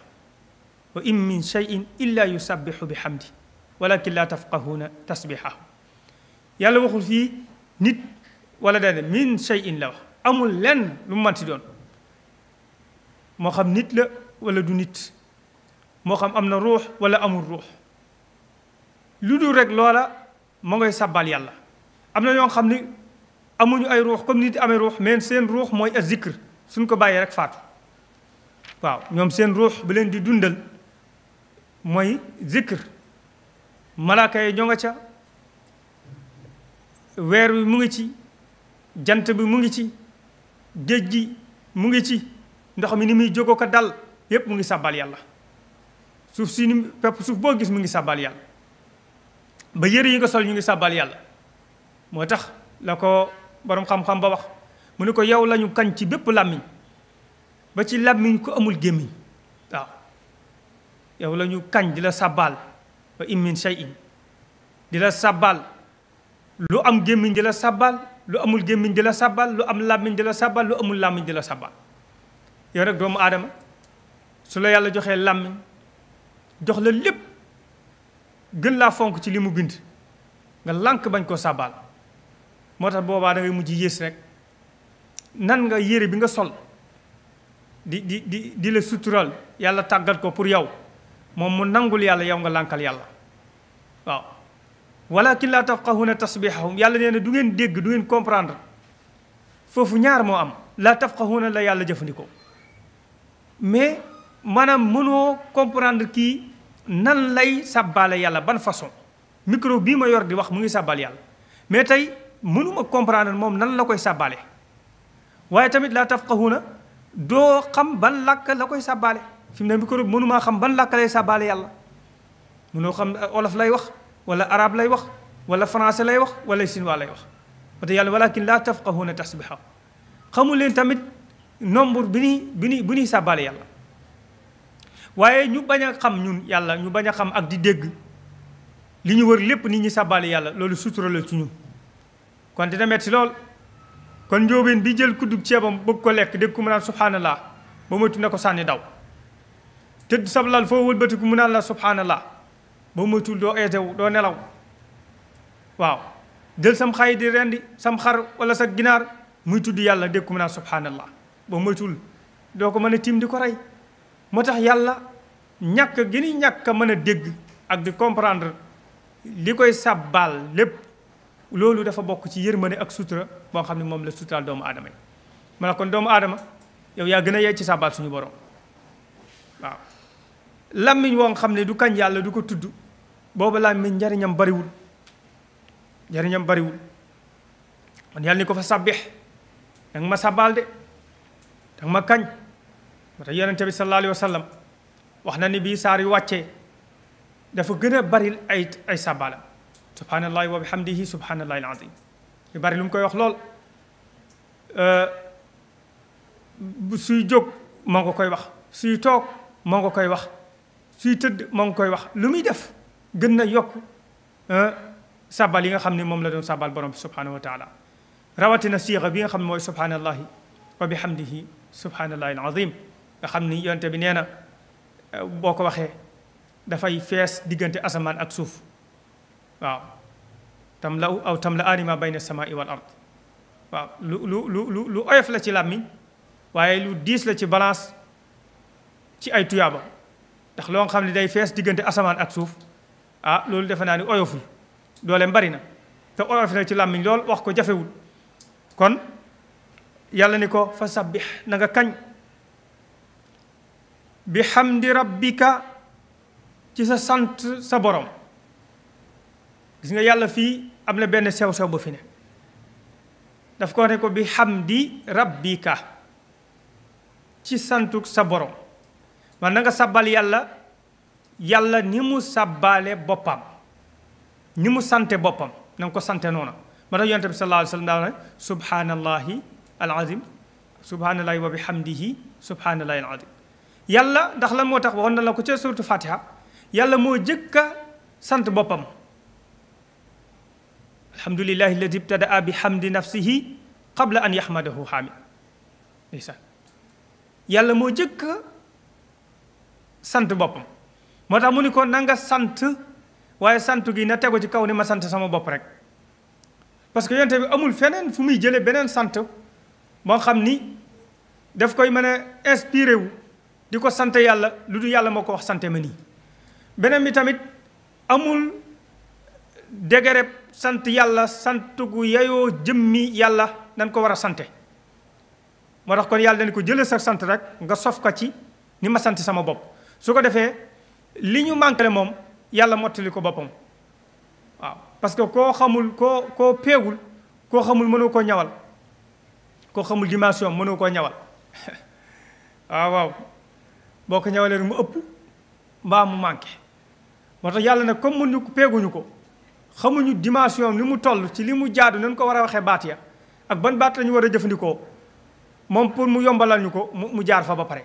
wa in min cheyin illa yusabbihu bihamdi xamdi walakin la tafqahuna tasbixahu yàlla waxul fii nit wala dane min cheyin la amul len lu mu manti doon moo xam nit la wala du nit moo xam am na ruux wala amul ruux lu dul rek loola ma ngay sàbbaal yàlla am na ñoo xam ni amuñu ay ruux comme nit amee ruux mais seen ruux mooy a zikr suñ ko bàyyee rek faatu waaw ñoom seen ruux bi leen di dundal mooy zikr malaaka yi ñoo nga ca weer wi mu ngi ci jant bi mu ngi ci géej gi mu ngi ci ndox mi ni muy kadal, ko dal yépp mu ngi sàbbal yàlla suuf si ni pepp suuf boo gis mu ngi sàbbal yàlla ba yére yi nga sol ñu ngi sàbbal yàlla moo tax la ko borom xam-xam ba wax mu ne ko yow lañu kañ ya ci bépp làmmiñ ba ci làmmiñ ko amul gémmiñ waaw yow ya lañu kañ di la sàbbaal wa in shay'in di la lu am gémmiñ di la sàbbaal lu amul gémmiñ di la sàbbaal lu am làmmiñ di la sàbbaal lu amul làmmiñ di la yow nag doomu aadama su la yàlla joxee làmmiñ jox la lépp gën laa fonk ci li mu bind nga lànk bañ koo sàbbaal moo tax boobaa da ngay mujj yées rek nan nga yére bi nga sol di di di di la sutural yàlla tàggat ko pour yow moom mu nangul yàlla yow nga lànkal yàlla waaw walakin laa tafqahuna tasbihahum yàlla nee na du ngeen dégg du ngeen comprendre foofu ñaar moo am laa tafqahuna la yàlla jëfandikoo mais maanaam mënoo comprendre kii nan lay sàbbaale yàlla ban façon micro bii ma yor di wax mu ngi sàbbaal yàlla mais tey mënuma comprendre moom nan la koy sàbbaale waaye tamit laa taf tafqahuuna doo xam ban lakk la koy sàbbaale fi mu ne micro bi mënumaa xam ban làkk lay sàbbaale yàlla mënoo xam euh, olof lay wax wala arabe lay wax wala français lay wax wala chinois lay wax wate yàlla walakin laa tafqahuuna tasbiha xamu leen tamit nombre bi ñuy bi ñuy bi sàbbaale yàlla waaye ñu bañ a xam ñun yàlla ñu bañ a xam ak di dégg li ñu wër lépp nit ñi sàbbaale yàlla loolu sutura ci ñun kon dina metti lool kon njóobeen bi jël kuddug ceebam bëgg ko lekk dégg ko mu la subhanallah ba ko sànni daw tëdd sablal foo wëlbatiku mu naan la subhanallah ba doo eetewu doo nelaw waaw jël sam xay di rendi sam xar wala sa ginaar muy tudd yàlla dégg ko mu a subhanallah ba moytul doo ko mën a tiim di ko rey moo tax yàlla ñàkk gi ni ñàkk a mën a dégg ak di comprendre li koy sàbbaal lépp loolu dafa bokk ci yërmande ak sutura boo xam ne moom la suturaal doomu aadama yi ma ne kon doomu aadama yow yaa gën a yey ci sàbbaal suñu borom waaw làmmiñ woo xam ne du kañ yàlla du ko tudd booba làmmiñ njariñam bariwul njariñam bariwul kon yàlla ni ko fa sàbbix danga ma sàbbaal de ak ma kañ moo tax yonente bi sallallahu alayhi wa sallam wax na ni bii saar yu wàccee dafa gën a bari ay ay sàbbaala subhanallahi wa bihamdihi subhanallahi alazim yu bari lu mu koy wax lool suy jóg moo nga koy wax suy toog moo nga koy wax suy tëdd moo nga koy wax lu muy def gën na yokk sàbbal yi nga xam ne moom la doon sàbbal borom bi subhanahu wa taala rawatina siixa bi nga xam ne mooy subhanallahi wa bihamdihi subhanallah al azim nga xam ni yonte bi nee na boo ko waxee dafay fees diggante asamaan ak suuf waaw tam la aw tam la anima bayna samai wal ard waaw lu lu lu lu lu oyof la ci làmmiñ waaye lu diis la ci balance ci ay tuyaaba ndax loo xam ne day fees diggante asamaan ak suuf ah loolu defe naa ni oyoful dooleem bari na te oyof na ci làmmiñ lool wax ko jafewul kon yàlla ni ko fa sabbih nanga kañ bi xam hamdi rabbika ci sa sant sa borom gis nga yàlla fii am na benn sew-sew ba fi ne daf ko ne ko bi hamdi rabbika ci santuk sa borom man na nga yàlla yàlla ni mu sàbbaale boppam ni mu sante boppam na ko sante noona ma tax yonent bi sallallahu alayhi wa sallam ne subhanallahi alazim subhaanallahi wa bihamdihi subhaanallahi alazim yàlla ndax lan moo tax waxoon na la ko ca suratu fatiha yàlla moo jëkk a sant boppam alhamdulillahi alladi ibtadaa bi hamdi nafsihi qabla an yaxmadahu xaami ndeysaan yàlla moo jëkk a sant boppam moo tax mu ni ko na nga sant waaye sant gi na tegu ci kaw ni ma sant sama bopp rek parce que yonte bi amul feneen fu muy jële beneen sant moo xam ni daf koy mën a inspiré wu di ko sant yàlla lu du yàlla moo ko wax sante ma nii beneen bi tamit amul dégreb sant yàlla sant gu yayoo jëmmi yàlla dañ ko war a sante moo tax kon yàlla dañ ko jëlee sa sant rek nga sof ko ci ni ma sant sama bopp su ko defee li ñu manqué moom yàlla mottali ko boppam waaw parce que koo xamul koo koo peegul koo xamul mënoo koo ñawal ko xamul dimension ñawal ah, waaw waaw mu mu manqué moo tax comme mënuñu peeguñu ko xamuñu dimension toll ci li jaadu ko a waxee ak ban pour mu yombalal ñu mu jaar fa ba ba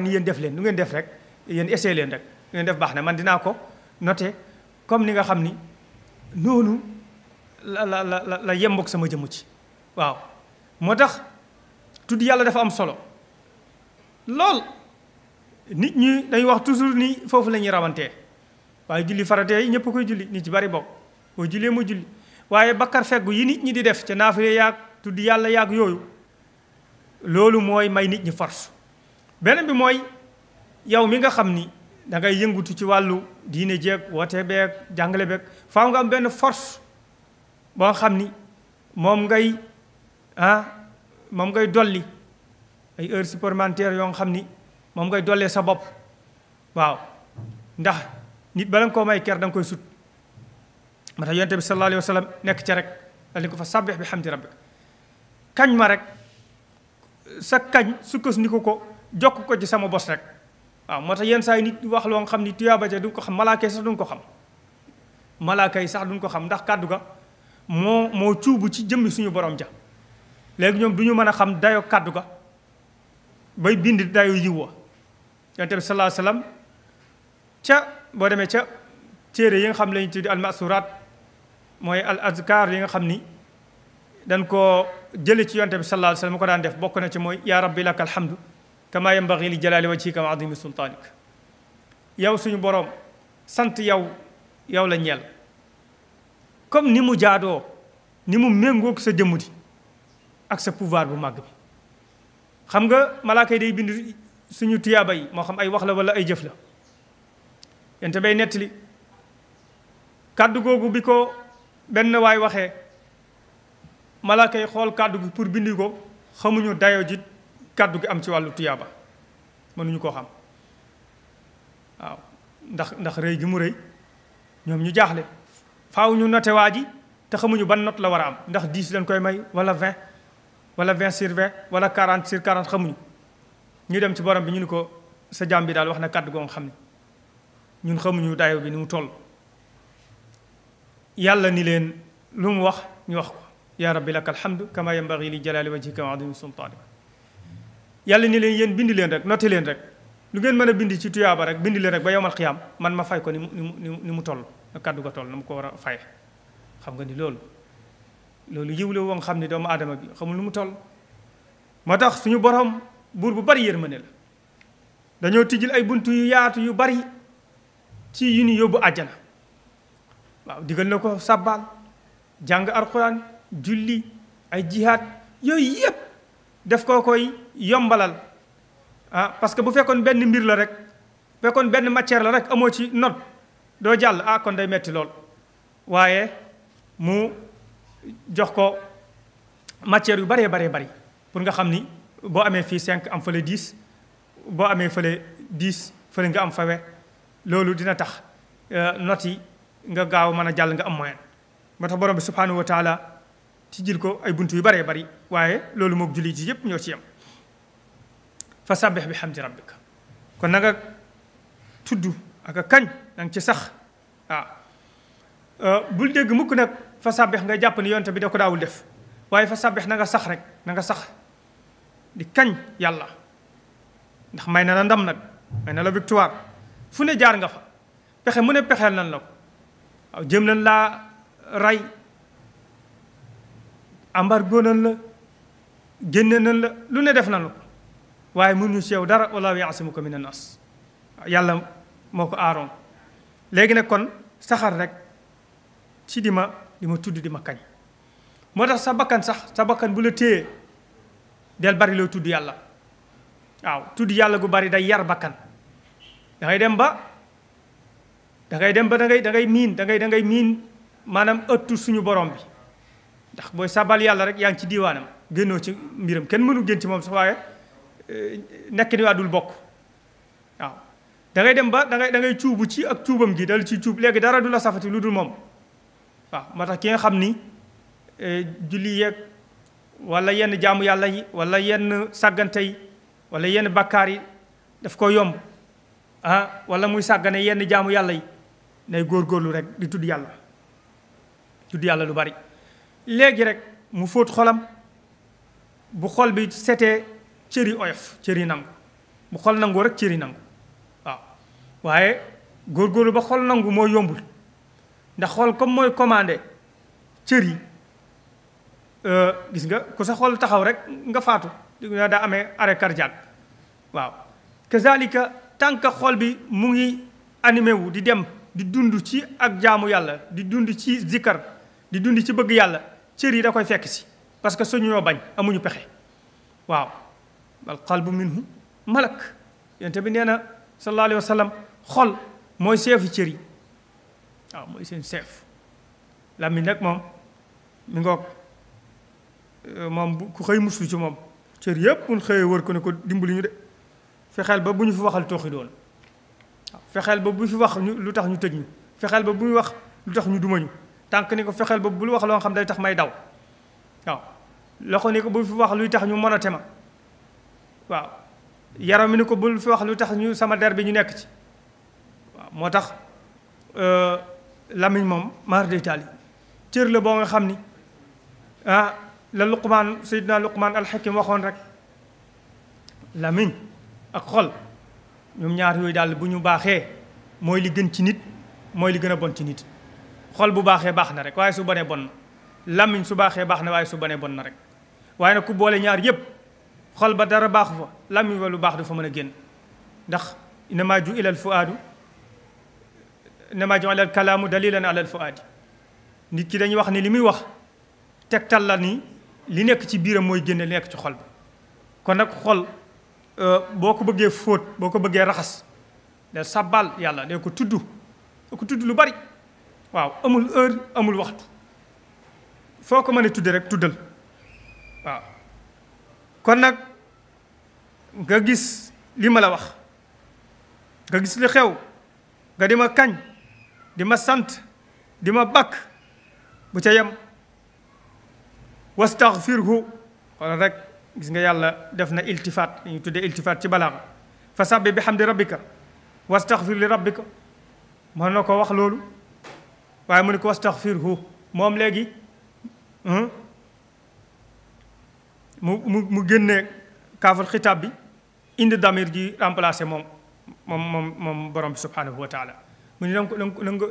ni yéen def leen nu ngeen def rek essayé leen rek def na man dinaa ko noté comme ni nga la la la la sama waaw moo tax tudd yàlla dafa am solo lool nit ñi dañuy wax toujours ni foofu la ñuy rawantee waaye julli farate yi ñëpp koy julli nit ci bari bokk boo jullee mu julli waaye bakkar feggu yi nit ñi di def ca naafile yaag tudd yàlla yaag yooyu loolu mooy may nit ñi force beneen bi mooy yow mi nga xam ni da ngay yëngutu ci wàllu diine jeeg woote beeg jàngale beeg faaw nga am benn force boo xam ni moom ngay ah mom ngay dolli ay heure supplémentaire yo xamni mom ngay dolle sa bop waaw ndax nit balang ko may ker dang koy sut mata yantabi sallallahu alaihi wasallam sallam ci rek aliko fa sabbih bi rabbik kagn ma rek sa kagn sukkas ni ko ko jokk ko ci sama boss rek waaw mata yeen say nit wax lo xamni tiyaba ja du ko xam sax du ko xam sax du ko xam ndax ga mo ci jëmm suñu borom ja léegi ñoom du ñu mën a xam dayo kàddu ga bay bind dayo yiw wa yonent bi sallallahu alayhi wasallam ca boo demee ca téere yi nga xam lañu tuddi almasuraat mooy al azkar yi nga xam ni dañ ko jële ci yonent bi sallallahu alayhi wasallam ko daan def bokk na ci mooy yaa rabbi laka alhamdu kama yanbaghi li jalali wajhika wa azimi sultanik yow suñu boroom sant yow yow la ñeel comme ni mu jaadoo ni mu méngoog sa jëmm jëmmuti ak sa pouvoir bu màgg bi xam nga malaaka yi day bind suñu tiyaaba yi moo xam ay wax la wala ay jëf la yente bay nettali kàddu googu bi ko benn waay waxee malaaka yi xool kàddu gi pour bindi ko xamuñu dayo ji kàddu gi am ci wàllu tiyaaba mënuñu koo xam waaw ndax ndax rëy gi mu rëy ñoom ñu jaaxle faaw ñu note waa ji te xamuñu ban note la war a am ndax 10 lañ koy may wala wala 20 sur 20 wala 40 sur 40 xamuñu ñu dem ci borom bi ñu ni ko sa jaam bi daal wax na kàddu goo xam ne ñun xamuñu dayo bi ni mu toll yàlla ni leen lu mu wax ñu wax ko yaa rabbi laka alhamdu kama yambagi li jalaali wajhika wa adimi sultaani yàlla ni leen yéen bindi leen rek noté leen rek lu ngeen mën a bind ci tuyaaba rek bindi leen rek ba yowmal xiyaam man ma fay ko ni mu ni mu ni mu toll kàddu ga toll na mu ko war a faye xam nga ni loolu loolu yiw la woo nga xam ne doomu aadama bi xamul lu mu toll moo tax suñu borom buur bu bari yërmande la dañoo tijjil ay buntu yu yaatu yu bari ci yu ñu yóbbu àjjana waaw digal na ko sàbbaal jàng julli ay jihad yooyu yépp def koo koy yombalal ah parce que bu fekkoon benn mbir la rek fekkoon benn matière la rek amoo ci note doo jàll ah kon day metti lool waaye mu jox ko matière yu baree baree bari pour nga xam ni boo amee fii cinq am fële 10 boo amee fële 10 fële nga am fawe loolu dina tax euh, notes yi nga gaaw mën a jàll nga am moyen moo tax borom bi subhanahu wa taala ci jël ko ay bunt yu baree bari waaye loolu moog jullit yi yëpp ñoo ci yem fa sabbih bi hamdi rabbika kon na tudd ak kañ na ci sax waaw euh, bul dégg mukk nag fa sàbbeex nga jàpp ni yonte bi da ko daawul def waaye fa sàbbeex nanga sax rek na nga sax di kañ yàlla ndax may na la ndam nag may na la victoire fu ne jaar nga fa pexe mu ne pexeel nan la ko waaw jëm nañ laa ray embargo nan la génne na la lu ne def na la ko waaye mënuñu nu yow dara wallaahu yaasimuka mina nas yàlla moo ko aaroon léegi nag kon saxar rek ci dima di ma tudd di ma kañ moo tax sa bakkan sax sa bakkan bu la téye del bari loo tudd yàlla waaw tudd yàlla gu bari day yar bakkan da ngay dem ba da ngay dem ba da ngay da ngay miin da ngay da ngay miin maanaam ëttu suñu borom bi ndax booy sabal yàlla ya rek yaa ngi ci diiwaanam génnoo ci mbiram kenn mënu génn ci moom sax waaye eh. eh, nekk ni waa dul bokk waaw da ngay dem ba da ngay da ngay cuubu ci ak cuubam gi dal ci cuub léegi dara du la safati lu dul waaw moo tax ki nga xam ni eh, julli yeeg walla yenn jaamu yàlla yi walla yenn sàggante yi wala yenn bàkkaar yi daf ko yomb ah wala muy sàggane yenn jaamu yàlla yi nay góorgóorlu rek di tudd yàlla tudd yàlla lu bari léegi rek mu fóot xolam bu xol bi setee cëri oyof cëri nangu bu xol nangu rek cëri nangu waaw waaye góorlu ba xol nangu moo yombul ndax xol comme moy commandé cër euh gis nga ku sa xol taxaw rek nga faatu da amé arrêt cardiaque waaw kazalika tant xol bi mu ngi animé wu di dem di dund ci ak jaamu yalla di dund ci zikkar di dund ci bëgg yalla cër da koy fekk ci parce que suñu ñoo bañ amuñu pexé waaw Bal qalbu minhu malak yonte bi na sallallahu alayhi wasallam xol moy seefu waaw mooy seen chef làmmiñ nag moom mi ngoog moom bu ku xëy muslu ci moom cër yëpp mun xëyee wër ko ne ko dimbali ñu de fexeel ba bu ñu fi waxal tooxi doon waaw fexeel ba bu fi wax ñu lu tax ñu tëj ñu fexeel ba bu ñu wax lu tax ñu duma ñu tànk ni ko fexeel ba bul wax loo xam day tax may daw waaw loxo ni ko bul fi wax luy tax ñu mën a tema waaw yaram mi ni ko bul fi wax lu tax ñu sama der bi ñu nekk ci waaw moo tax làmmiñ moom maar day taal cër la boo nga xam ni ah la luqmaan seydina luqmaan alxakim waxoon rek làmmiñ ak xol ñoom ñaar yooyu daal bu ñu baaxee mooy li gën ci nit mooy li gën a bon ci nit xol bu baaxee baax na rek waaye su bonee bon na làmmiñ su baaxee baax na waaye su bonee bon na rek waaye ku boole ñaar yépp xol ba dara baaxu fa làmmiñ wa lu baax du mën a génn ndax inama ju ilal fuaadu انما جعل الكلام دليلا على الفؤاد نيت كي داني واخني لي واخ تكتال ني لي نيك سي بير موي ген لي نيك سي خول كون نك خول بوكو بوجي فوت بوكو بوجي رخص دا سبال يالا دا كو تودو كو تودو لو بري واو امول اور امول وقت فوكو ماني تودي رك تودل واو كون نك غا غيس لي مالا واخ غا غيس لي خيو غادي ما كاني di ma sant di ma bakk bu ca yem wastaxfirhu xoolal rek gis nga yàlla def na iltifaat ñu tuddee iltifaat ci balaaxa fa sabbi bi hamdi rabbika wastaxfir li rabbika mën na ko wax loolu waaye mu ne ko moom léegi mu mu mu génnee kaaful xitaab bi indi damir ji remplacé moom moom moom borom bi subhanahu wa mu ne nang ko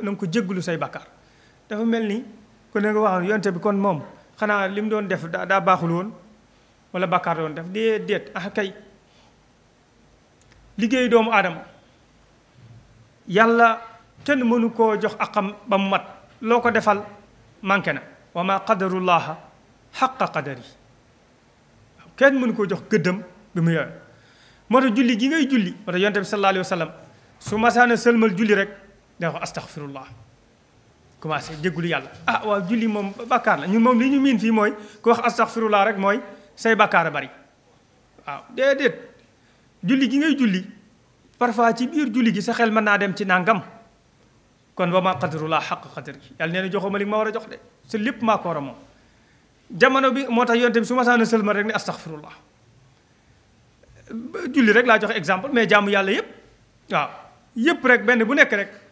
nang ko jégglu say bakkar dafa mel ni ne nga wax yonte bi kon moom xanaa lim doon def daa baaxul woon wala bakkar doon def dee deet ah kay liggéey doomu aadama yàlla kenn mënu koo jox aqam ba mu mat loo ko defal manqué na wa ma qadarullaha xaqa qadari kenn mënu koo jox gëddam bi mu yore moo tax julli gi ngay julli moo tax yonte bi sallallahu alayhi wa sallam su masaana sëlmal julli rek dafa astaghfirullah commencé djeglu yalla ah wa julli mom bakkar la ñun mom li ñu min fi moy ko wax astaghfirullah rek moy. say bakkar bari wa dedet julli gi ngay julli parfa ci bir julli gi sa xel man na dem ci nangam kon wa ma qadrullah xaq qadr yàlla nee na joxuma li ma wara jox de sa lepp ma ko war jamono bi motax tax yonte bi su rek ni astaghfirullah julli rek la jox exemple mais jamu yalla yep wa yep rek ben bu nek rek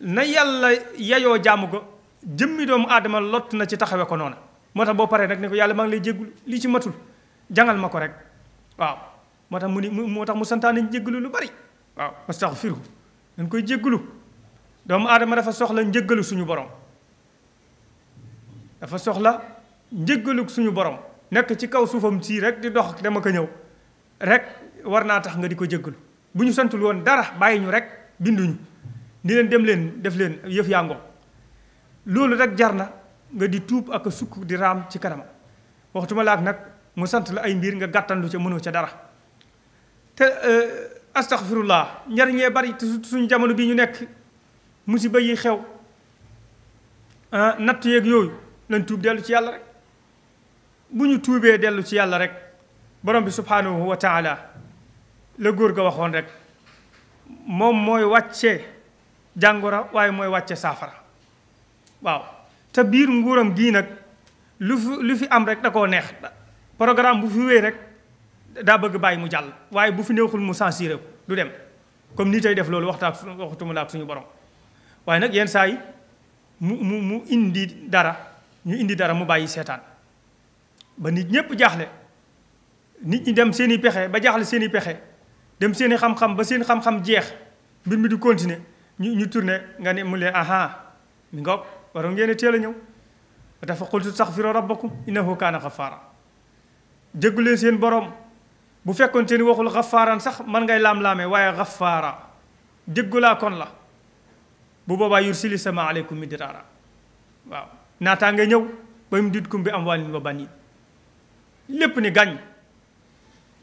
na yàlla yayoo jàmm ko jëmmi doomu aadama lott na ci taxawe ko noona moo tax boo paree nag ne ko yàlla maa ngi lay jéggul li ci matul jangal ma ko rek waaw moo tax mu ni moo tax mu santaane jéggalu lu bari waaw astaghfiru dañ koy jéggalu doomu aadama dafa soxla njëggalu suñu borom dafa soxla njëggalu suñu borom nekk ci kaw suufam sii rek dox dama ko ñëw rek war naa tax nga di ko jéggalu bu ñu santul woon dara bàyyi ñu rek binduñu ni leen dem leen def leen yëf yaa ngoog loolu rek jar na nga di tuub ak sukk di raam ci kanam waxtuma laak nag mu sant la ay mbir nga gàttandu ca mënoo ca dara te euh, astaghfirullah njariñee bari suñ jamono bi ñu nekk mu musiba yi xew ah, natt yeeg yooyu lan tuub dellu ci yàlla rek bu ñu tuubee dellu ci yàlla rek borom bi subhanahu wa la góor ga waxoon rek moom mooy wàccee jangora waye moy wacce safara waaw te bir nguuram gi nak lu lu fi am rek da ko neex programme bu fi wé rek da bëgg bay mu jall waye bu fi neexul mu du dem comme ni tay def loolu waxta waxtu mu laak suñu borom waye nak yeen say mu mu mu indi dara ñu indi dara mu bayyi setan. ba nit ñepp jaxlé nit ñi dem seeni pexé ba jaxlé seeni pexé dem seeni xam-xam ba seen xam-xam jeex mbir mi du continuer ñu ñu tourné nga ne mu lee aha mi ngoog waroon ngeen a teel a ñëw dafa qultu taxfiru rabbakum innahu kaana xafaara jéggu seen borom bu fekkoon te ni waxul xafaaran sax man ngay laam-laamee waaye xafaara jéggu laa kon la bu boobaa yursili sama aleykum midraara waaw naataa nga ñëw ba mu dit kum bi am wàllin wa banin lépp ni gàññ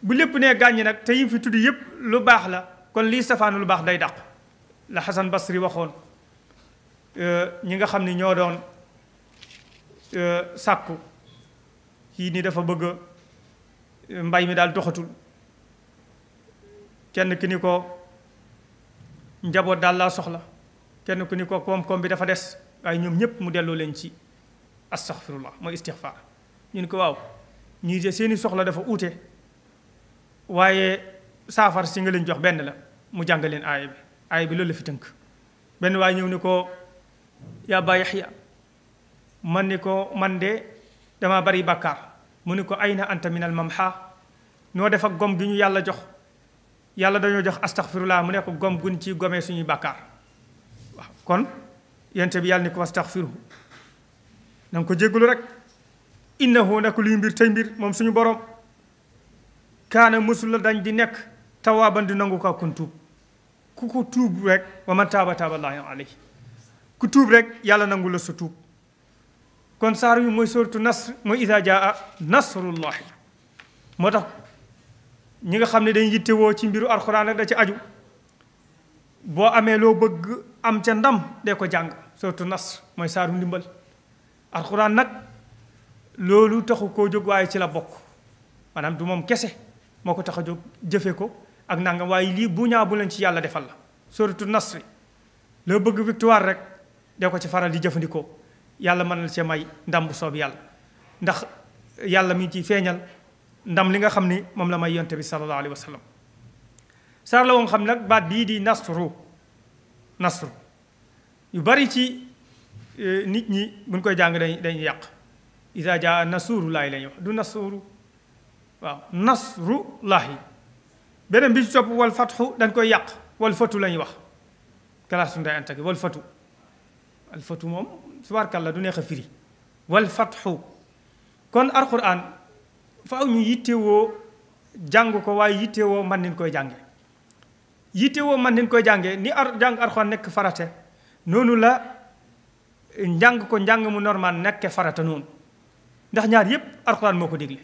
bu lépp nee gàññ nag te yim fi tudd yépp lu baax la kon lii safaanu lu baax day dàqu la Xasan Basri waxoon euh, ñi nga xam ni ñoo doon euh, sàkku kii ni dafa bëgg euh, mbay mi daal doxatul kenn ki ni ko njaboot daal laa soxla kenn ku ni ko koom-koom bi dafa des waaye ñoom ñépp mu delloo leen ci astaghfirullah mooy istixfaar ñu ni ko waaw ñii de seeni soxla dafa uute waaye saafar si nga leen jox benn la mu jàng leen aaya bi aay bi loolu la fi tënk benn waay ñëw ni ko yaa Abaa Yaxya man ni ko man de dama bari bàkkaar mu ni ko ay na anta minal mamha noo def ak gom gi ñu yàlla jox yàlla dañoo jox astaxfirullah mu nekk ko gom gun ci gomee suñuy bàkkaar waaw kon yente bi yàlla ni ko astaxfiru na nga ko jéggulu rek innahu nak luy mbir tey mbir moom suñu boroom kaana mësula dañ di nekk tawaaban di nangu ko ak kuntuub ku ko tuub rek wa man taaba taaballaahi alayhi ku tuub rek yàlla nangu la sa tuub kon saar yu mooy suratu nas mooy iza jaa nasrullahi moo tax ñi nga xam ne dañ yittewoo ci mbiru alxuraan rek da ci aju boo amee loo bëgg am ca ndam dee ko jàng suratu nasr mooy saaru ndimbal alxuraan nag loolu taxu koo jóg waaye ci la bokk maanaam du moom kese moo ko tax a jóg jëfe ko ak nangam waye li bu ñaa bu leen ci yalla defal la suratul nasri le bëgg victoire rek de ko ci faral di jëfëndiko yalla manal ci may ndam bu soob yalla ndax yalla mi ci feñal ndam li nga xamni mom la may yonte bi sallallahu alaihi wasallam sar la woon xam nak baat bi di nasru nasru yu bari ci e, nit ñi buñ koy jang dañ dañ yaq isa jaa nasuru la ñuy du nasuru waaw nasru lahi beneen bi ci topp wal fatxu dañ koy yàq wal fatu la ñuy wax kalaasu nday anta gi wal fatu wal fatu moom subaarkàlla du neex a firi wal fatxu kon alquran faaw ñu yittewoo jàng ko waaye yittewoo man nin koy jànge yittewoo man nin koy jànge ni ar jàng alquran nekk farate noonu la njàng ko njàng mu normal nekke farata noonu ndax ñaar yépp alquran moo ko dégle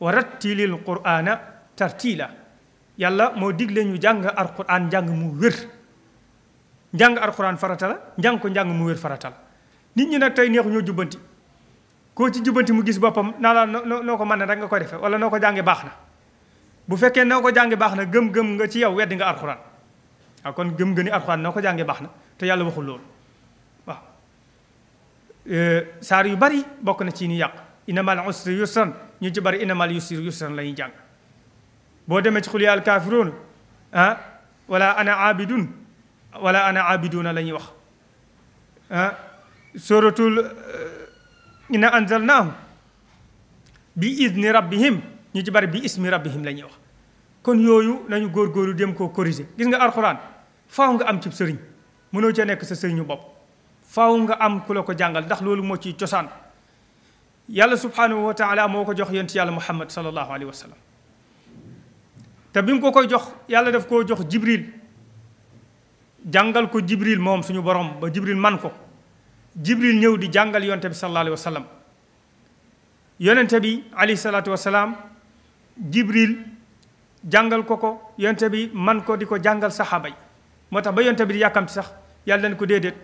wa rattilil qurana tartila yalla mo digle ñu jàng alquran jang mu wér njàng alquran farata la jang ko jang mu wër farata la nit ñi nak tay neex ñoo jubanti koo ci jubanti mu gis bopam na la noko man rek nga ko defee wala noko jangé baxna bu fekkee noko jangé baxna baax gem gëm-gëm nga ci yow wedd nga alquran a kon gëm nga ni alquran noo ko jàngee te yalla waxul wa euh sar yu bari bokk na ci ni yaq inamal usri yusran ñu ci bari inamal yusri yusran la jang boo demee ci xul yaal kaafiruun ah wala ana abidun wala ana abiduna la ñuy wax ah suratul inna anzalnaahu bi idni rabbihim ñu ci bari bi ismi rabbihim la ñuy wax kon yooyu nañu góor góoru dem koo corriger gis nga alxuraan faaw nga am cib sëriñ mënoo ca nekk sa sëriñu bopp faaw nga am ku ko jàngal ndax loolu moo ci cosaan yàlla subhanahu wa taala moo ko jox yonent yàlla muhammad sallallahu alayhi wa sallam te bi mu ko koy jox yàlla daf koo jox jibril jàngal ko jibril moom suñu borom ba jibril man ko jibril ñëw di jàngal yonte bi sallallahu alayhi wa sallam yonente bi alayhi salaatu wa salaam jibril jàngal ko ko yonte bi man ko di ko jàngal saxaaba yi moo tax ba yonte bi di yàkkamti sax yàlla dañ ko déedéet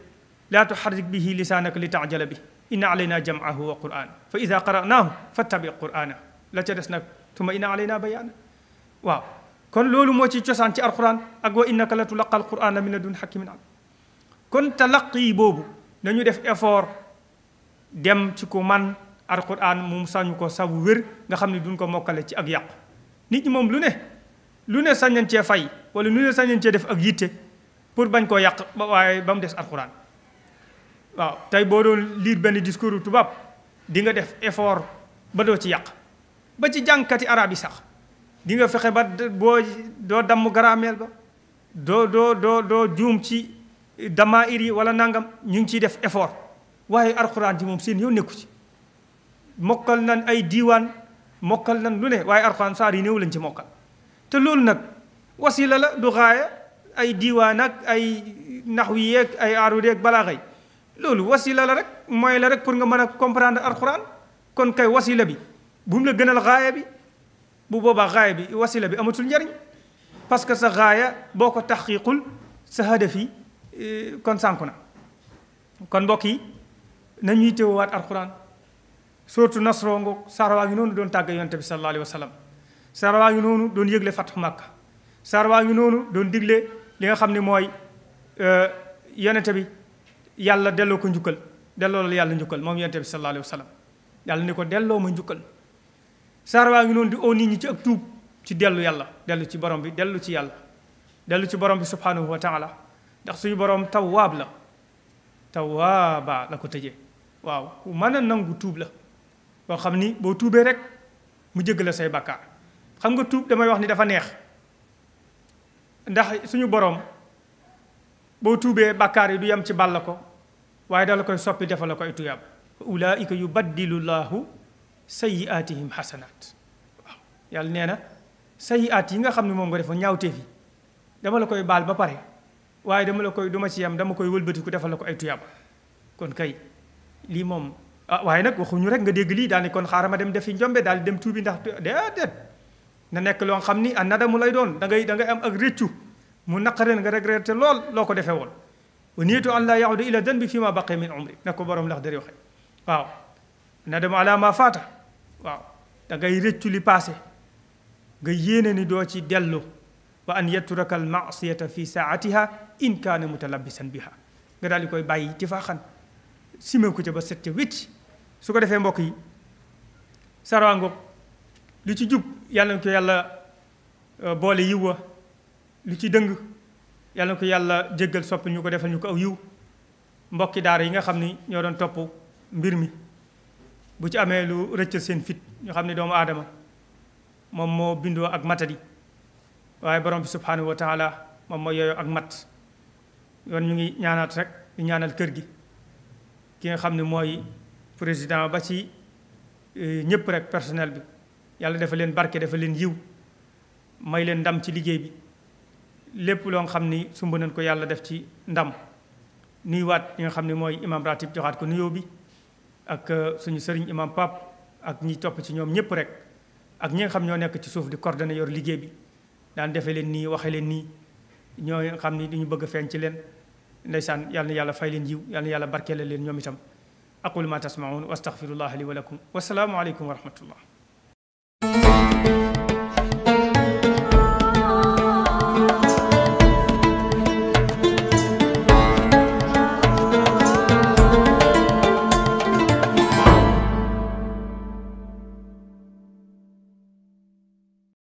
laa tuxarrik bihi lisaanaka li taajala bi inna alayna jam'ahu wa qur'an fa ida qara'naahu fattabi qur'ana la ca des nag tuma inna alayna bayaana waaw kon lolu mo ci ciosan ci alquran ak wa innaka latulqa alquran min ladun hakimin al kon talaqi bobu nañu def effort dem ci ku man alquran mu sañu ko sabu wér nga xamni duñ ko mokale ci ak yaq nit ñi mom lu ne lu ne sañan ci fay wala lu ne sañan ci def ak yitte pour bañ ko yaq ba bam dess des alquran waaw tay bo do lire ben discours di nga def effort ba do ci yaq ba ci jankati arab sax dinga fexe ba boo doo damm garaameel ba doo doo doo doo juum ci dama iri wala nangam ñu ngi ciy def effort waaye alxuraan ji moom seen yow nekku ci mokkal nan ay diiwaan mokkal nan lu ne waaye alxuraan saar yi néew lañ ci mokkal te loolu nag wasila la du xaaya ay diiwaan ak ay naxw yeeg ay aaru yeeg balaaxa yi loolu wasila la rek mooy la rek pour nga mën a comprendre alxuraan kon kay wasila bi bu mu la gënal xaaya bi bu boba gaaya bi wasila bi amatul njariñ parce que sa gaaya boko tahqiqul sa hadaf yi kon sankuna kon mbokk yi nañuy teewaat alquran surtout nasro ngo sarwa ngi nonu don tàgg yonte bi sallallahu alayhi wasallam sarwa ngi nonu don yëgle fatxu màkka sarwa ngi nonu don digle li nga xamni moy euh yonente bi yàlla delo ko njukal delo la yàlla njukal mom yonte bi sallallahu alayhi wasallam yàlla ni ko ma njukal saar waa ngi noonu di o nit ñi ci ak tuub ci dellu yàlla dellu ci borom bi dellu ci yàlla dellu ci borom bi subhanahu wa taala ndax suñu borom tawaab la tawaaba la ko tëjee waaw ku mën a nangu tuub la boo xam ni boo tuubee rek mu jëgg la say bakkaar xam nga tuub damay wax ni dafa neex ndax suñu borom boo tuubee bakkaar yi du yam ci bàll ko waaye soppi ay tuyaab ulaika yubaddilu sayyi'aatihim xasanaat waaw yàlla nee na sayyi'aat yi nga xam ne moom nga defoon ñaawteef yi dama la koy baal ba pare waaye dama la koy duma ci yam dama koy wëlbatiku defal la ko ay tuyaaba kon kay lii moom ah waaye nag waxuñu rek nga dégg lii daal ni kon xaaral ma dem defi njombe daal dem tuubi ndax déedéet na nekk loo xam ni anadamu lay doon da ngay da ngay am ak rëccu mu naqareen nga regretté lool loo ko defee woon wa niyetu an laa yaudu ila dan bi fi ma baqee min umri na ko borom ndax dëri waxee waaw nadamu ala ma faata waaw da ngay rëccu li paase nga yéene ni doo ci dellu wa an yatraka al maasiyata fi saatiha in kaana mutalabisan biha nga daal di koy bàyyi ti faaxan simee ca ba set ca wécc su ko defee mbokk yi sarwaangoog lu ci jub yàlla na yàlla euh, boole yiw wa ci dëng yàlla ko yàlla jéggal soppi ñu ko defal ñu ko yiw mbokki daara yi nga xam ni ñoo doon topp mbir mi bu ci amee lu rëccal seen fit ñu xam ne doomu aadama moom moo bindoo ak matadi waaye borom bi subhanahu wa taala moom moo yooyu ak matt yoon ñu ngi ñaanaat rek di ñaanal kër gi ki nga xam ne mooy président ba ci e, ñëpp rek personnel bi yàlla dafa leen barke dafa leen yiw may leen ndam ci liggéey bi lépp loo nga xam ni sumb nañ ko yàlla def ci ndam nuyuwaat yi nga xam ne mooy imam ratib joxaat ko nuyoo bi ak eh, suñu sëriñ imam pap ak ñi top ci ñom ñëpp rek ak ñi nga xam ñoo nekk ci suuf di coordonner yor liggéey bi daan defee leen ni waxé leen ni ñoo xam ni duñu bëgg a feeñ ci leen ndeysaan yàlla na yalla fay leen jiw yalla na yalla barkeelal leen ñom itam aqulu ma tasmaun li wa lakum wassalamu alaykum wa rahmatullah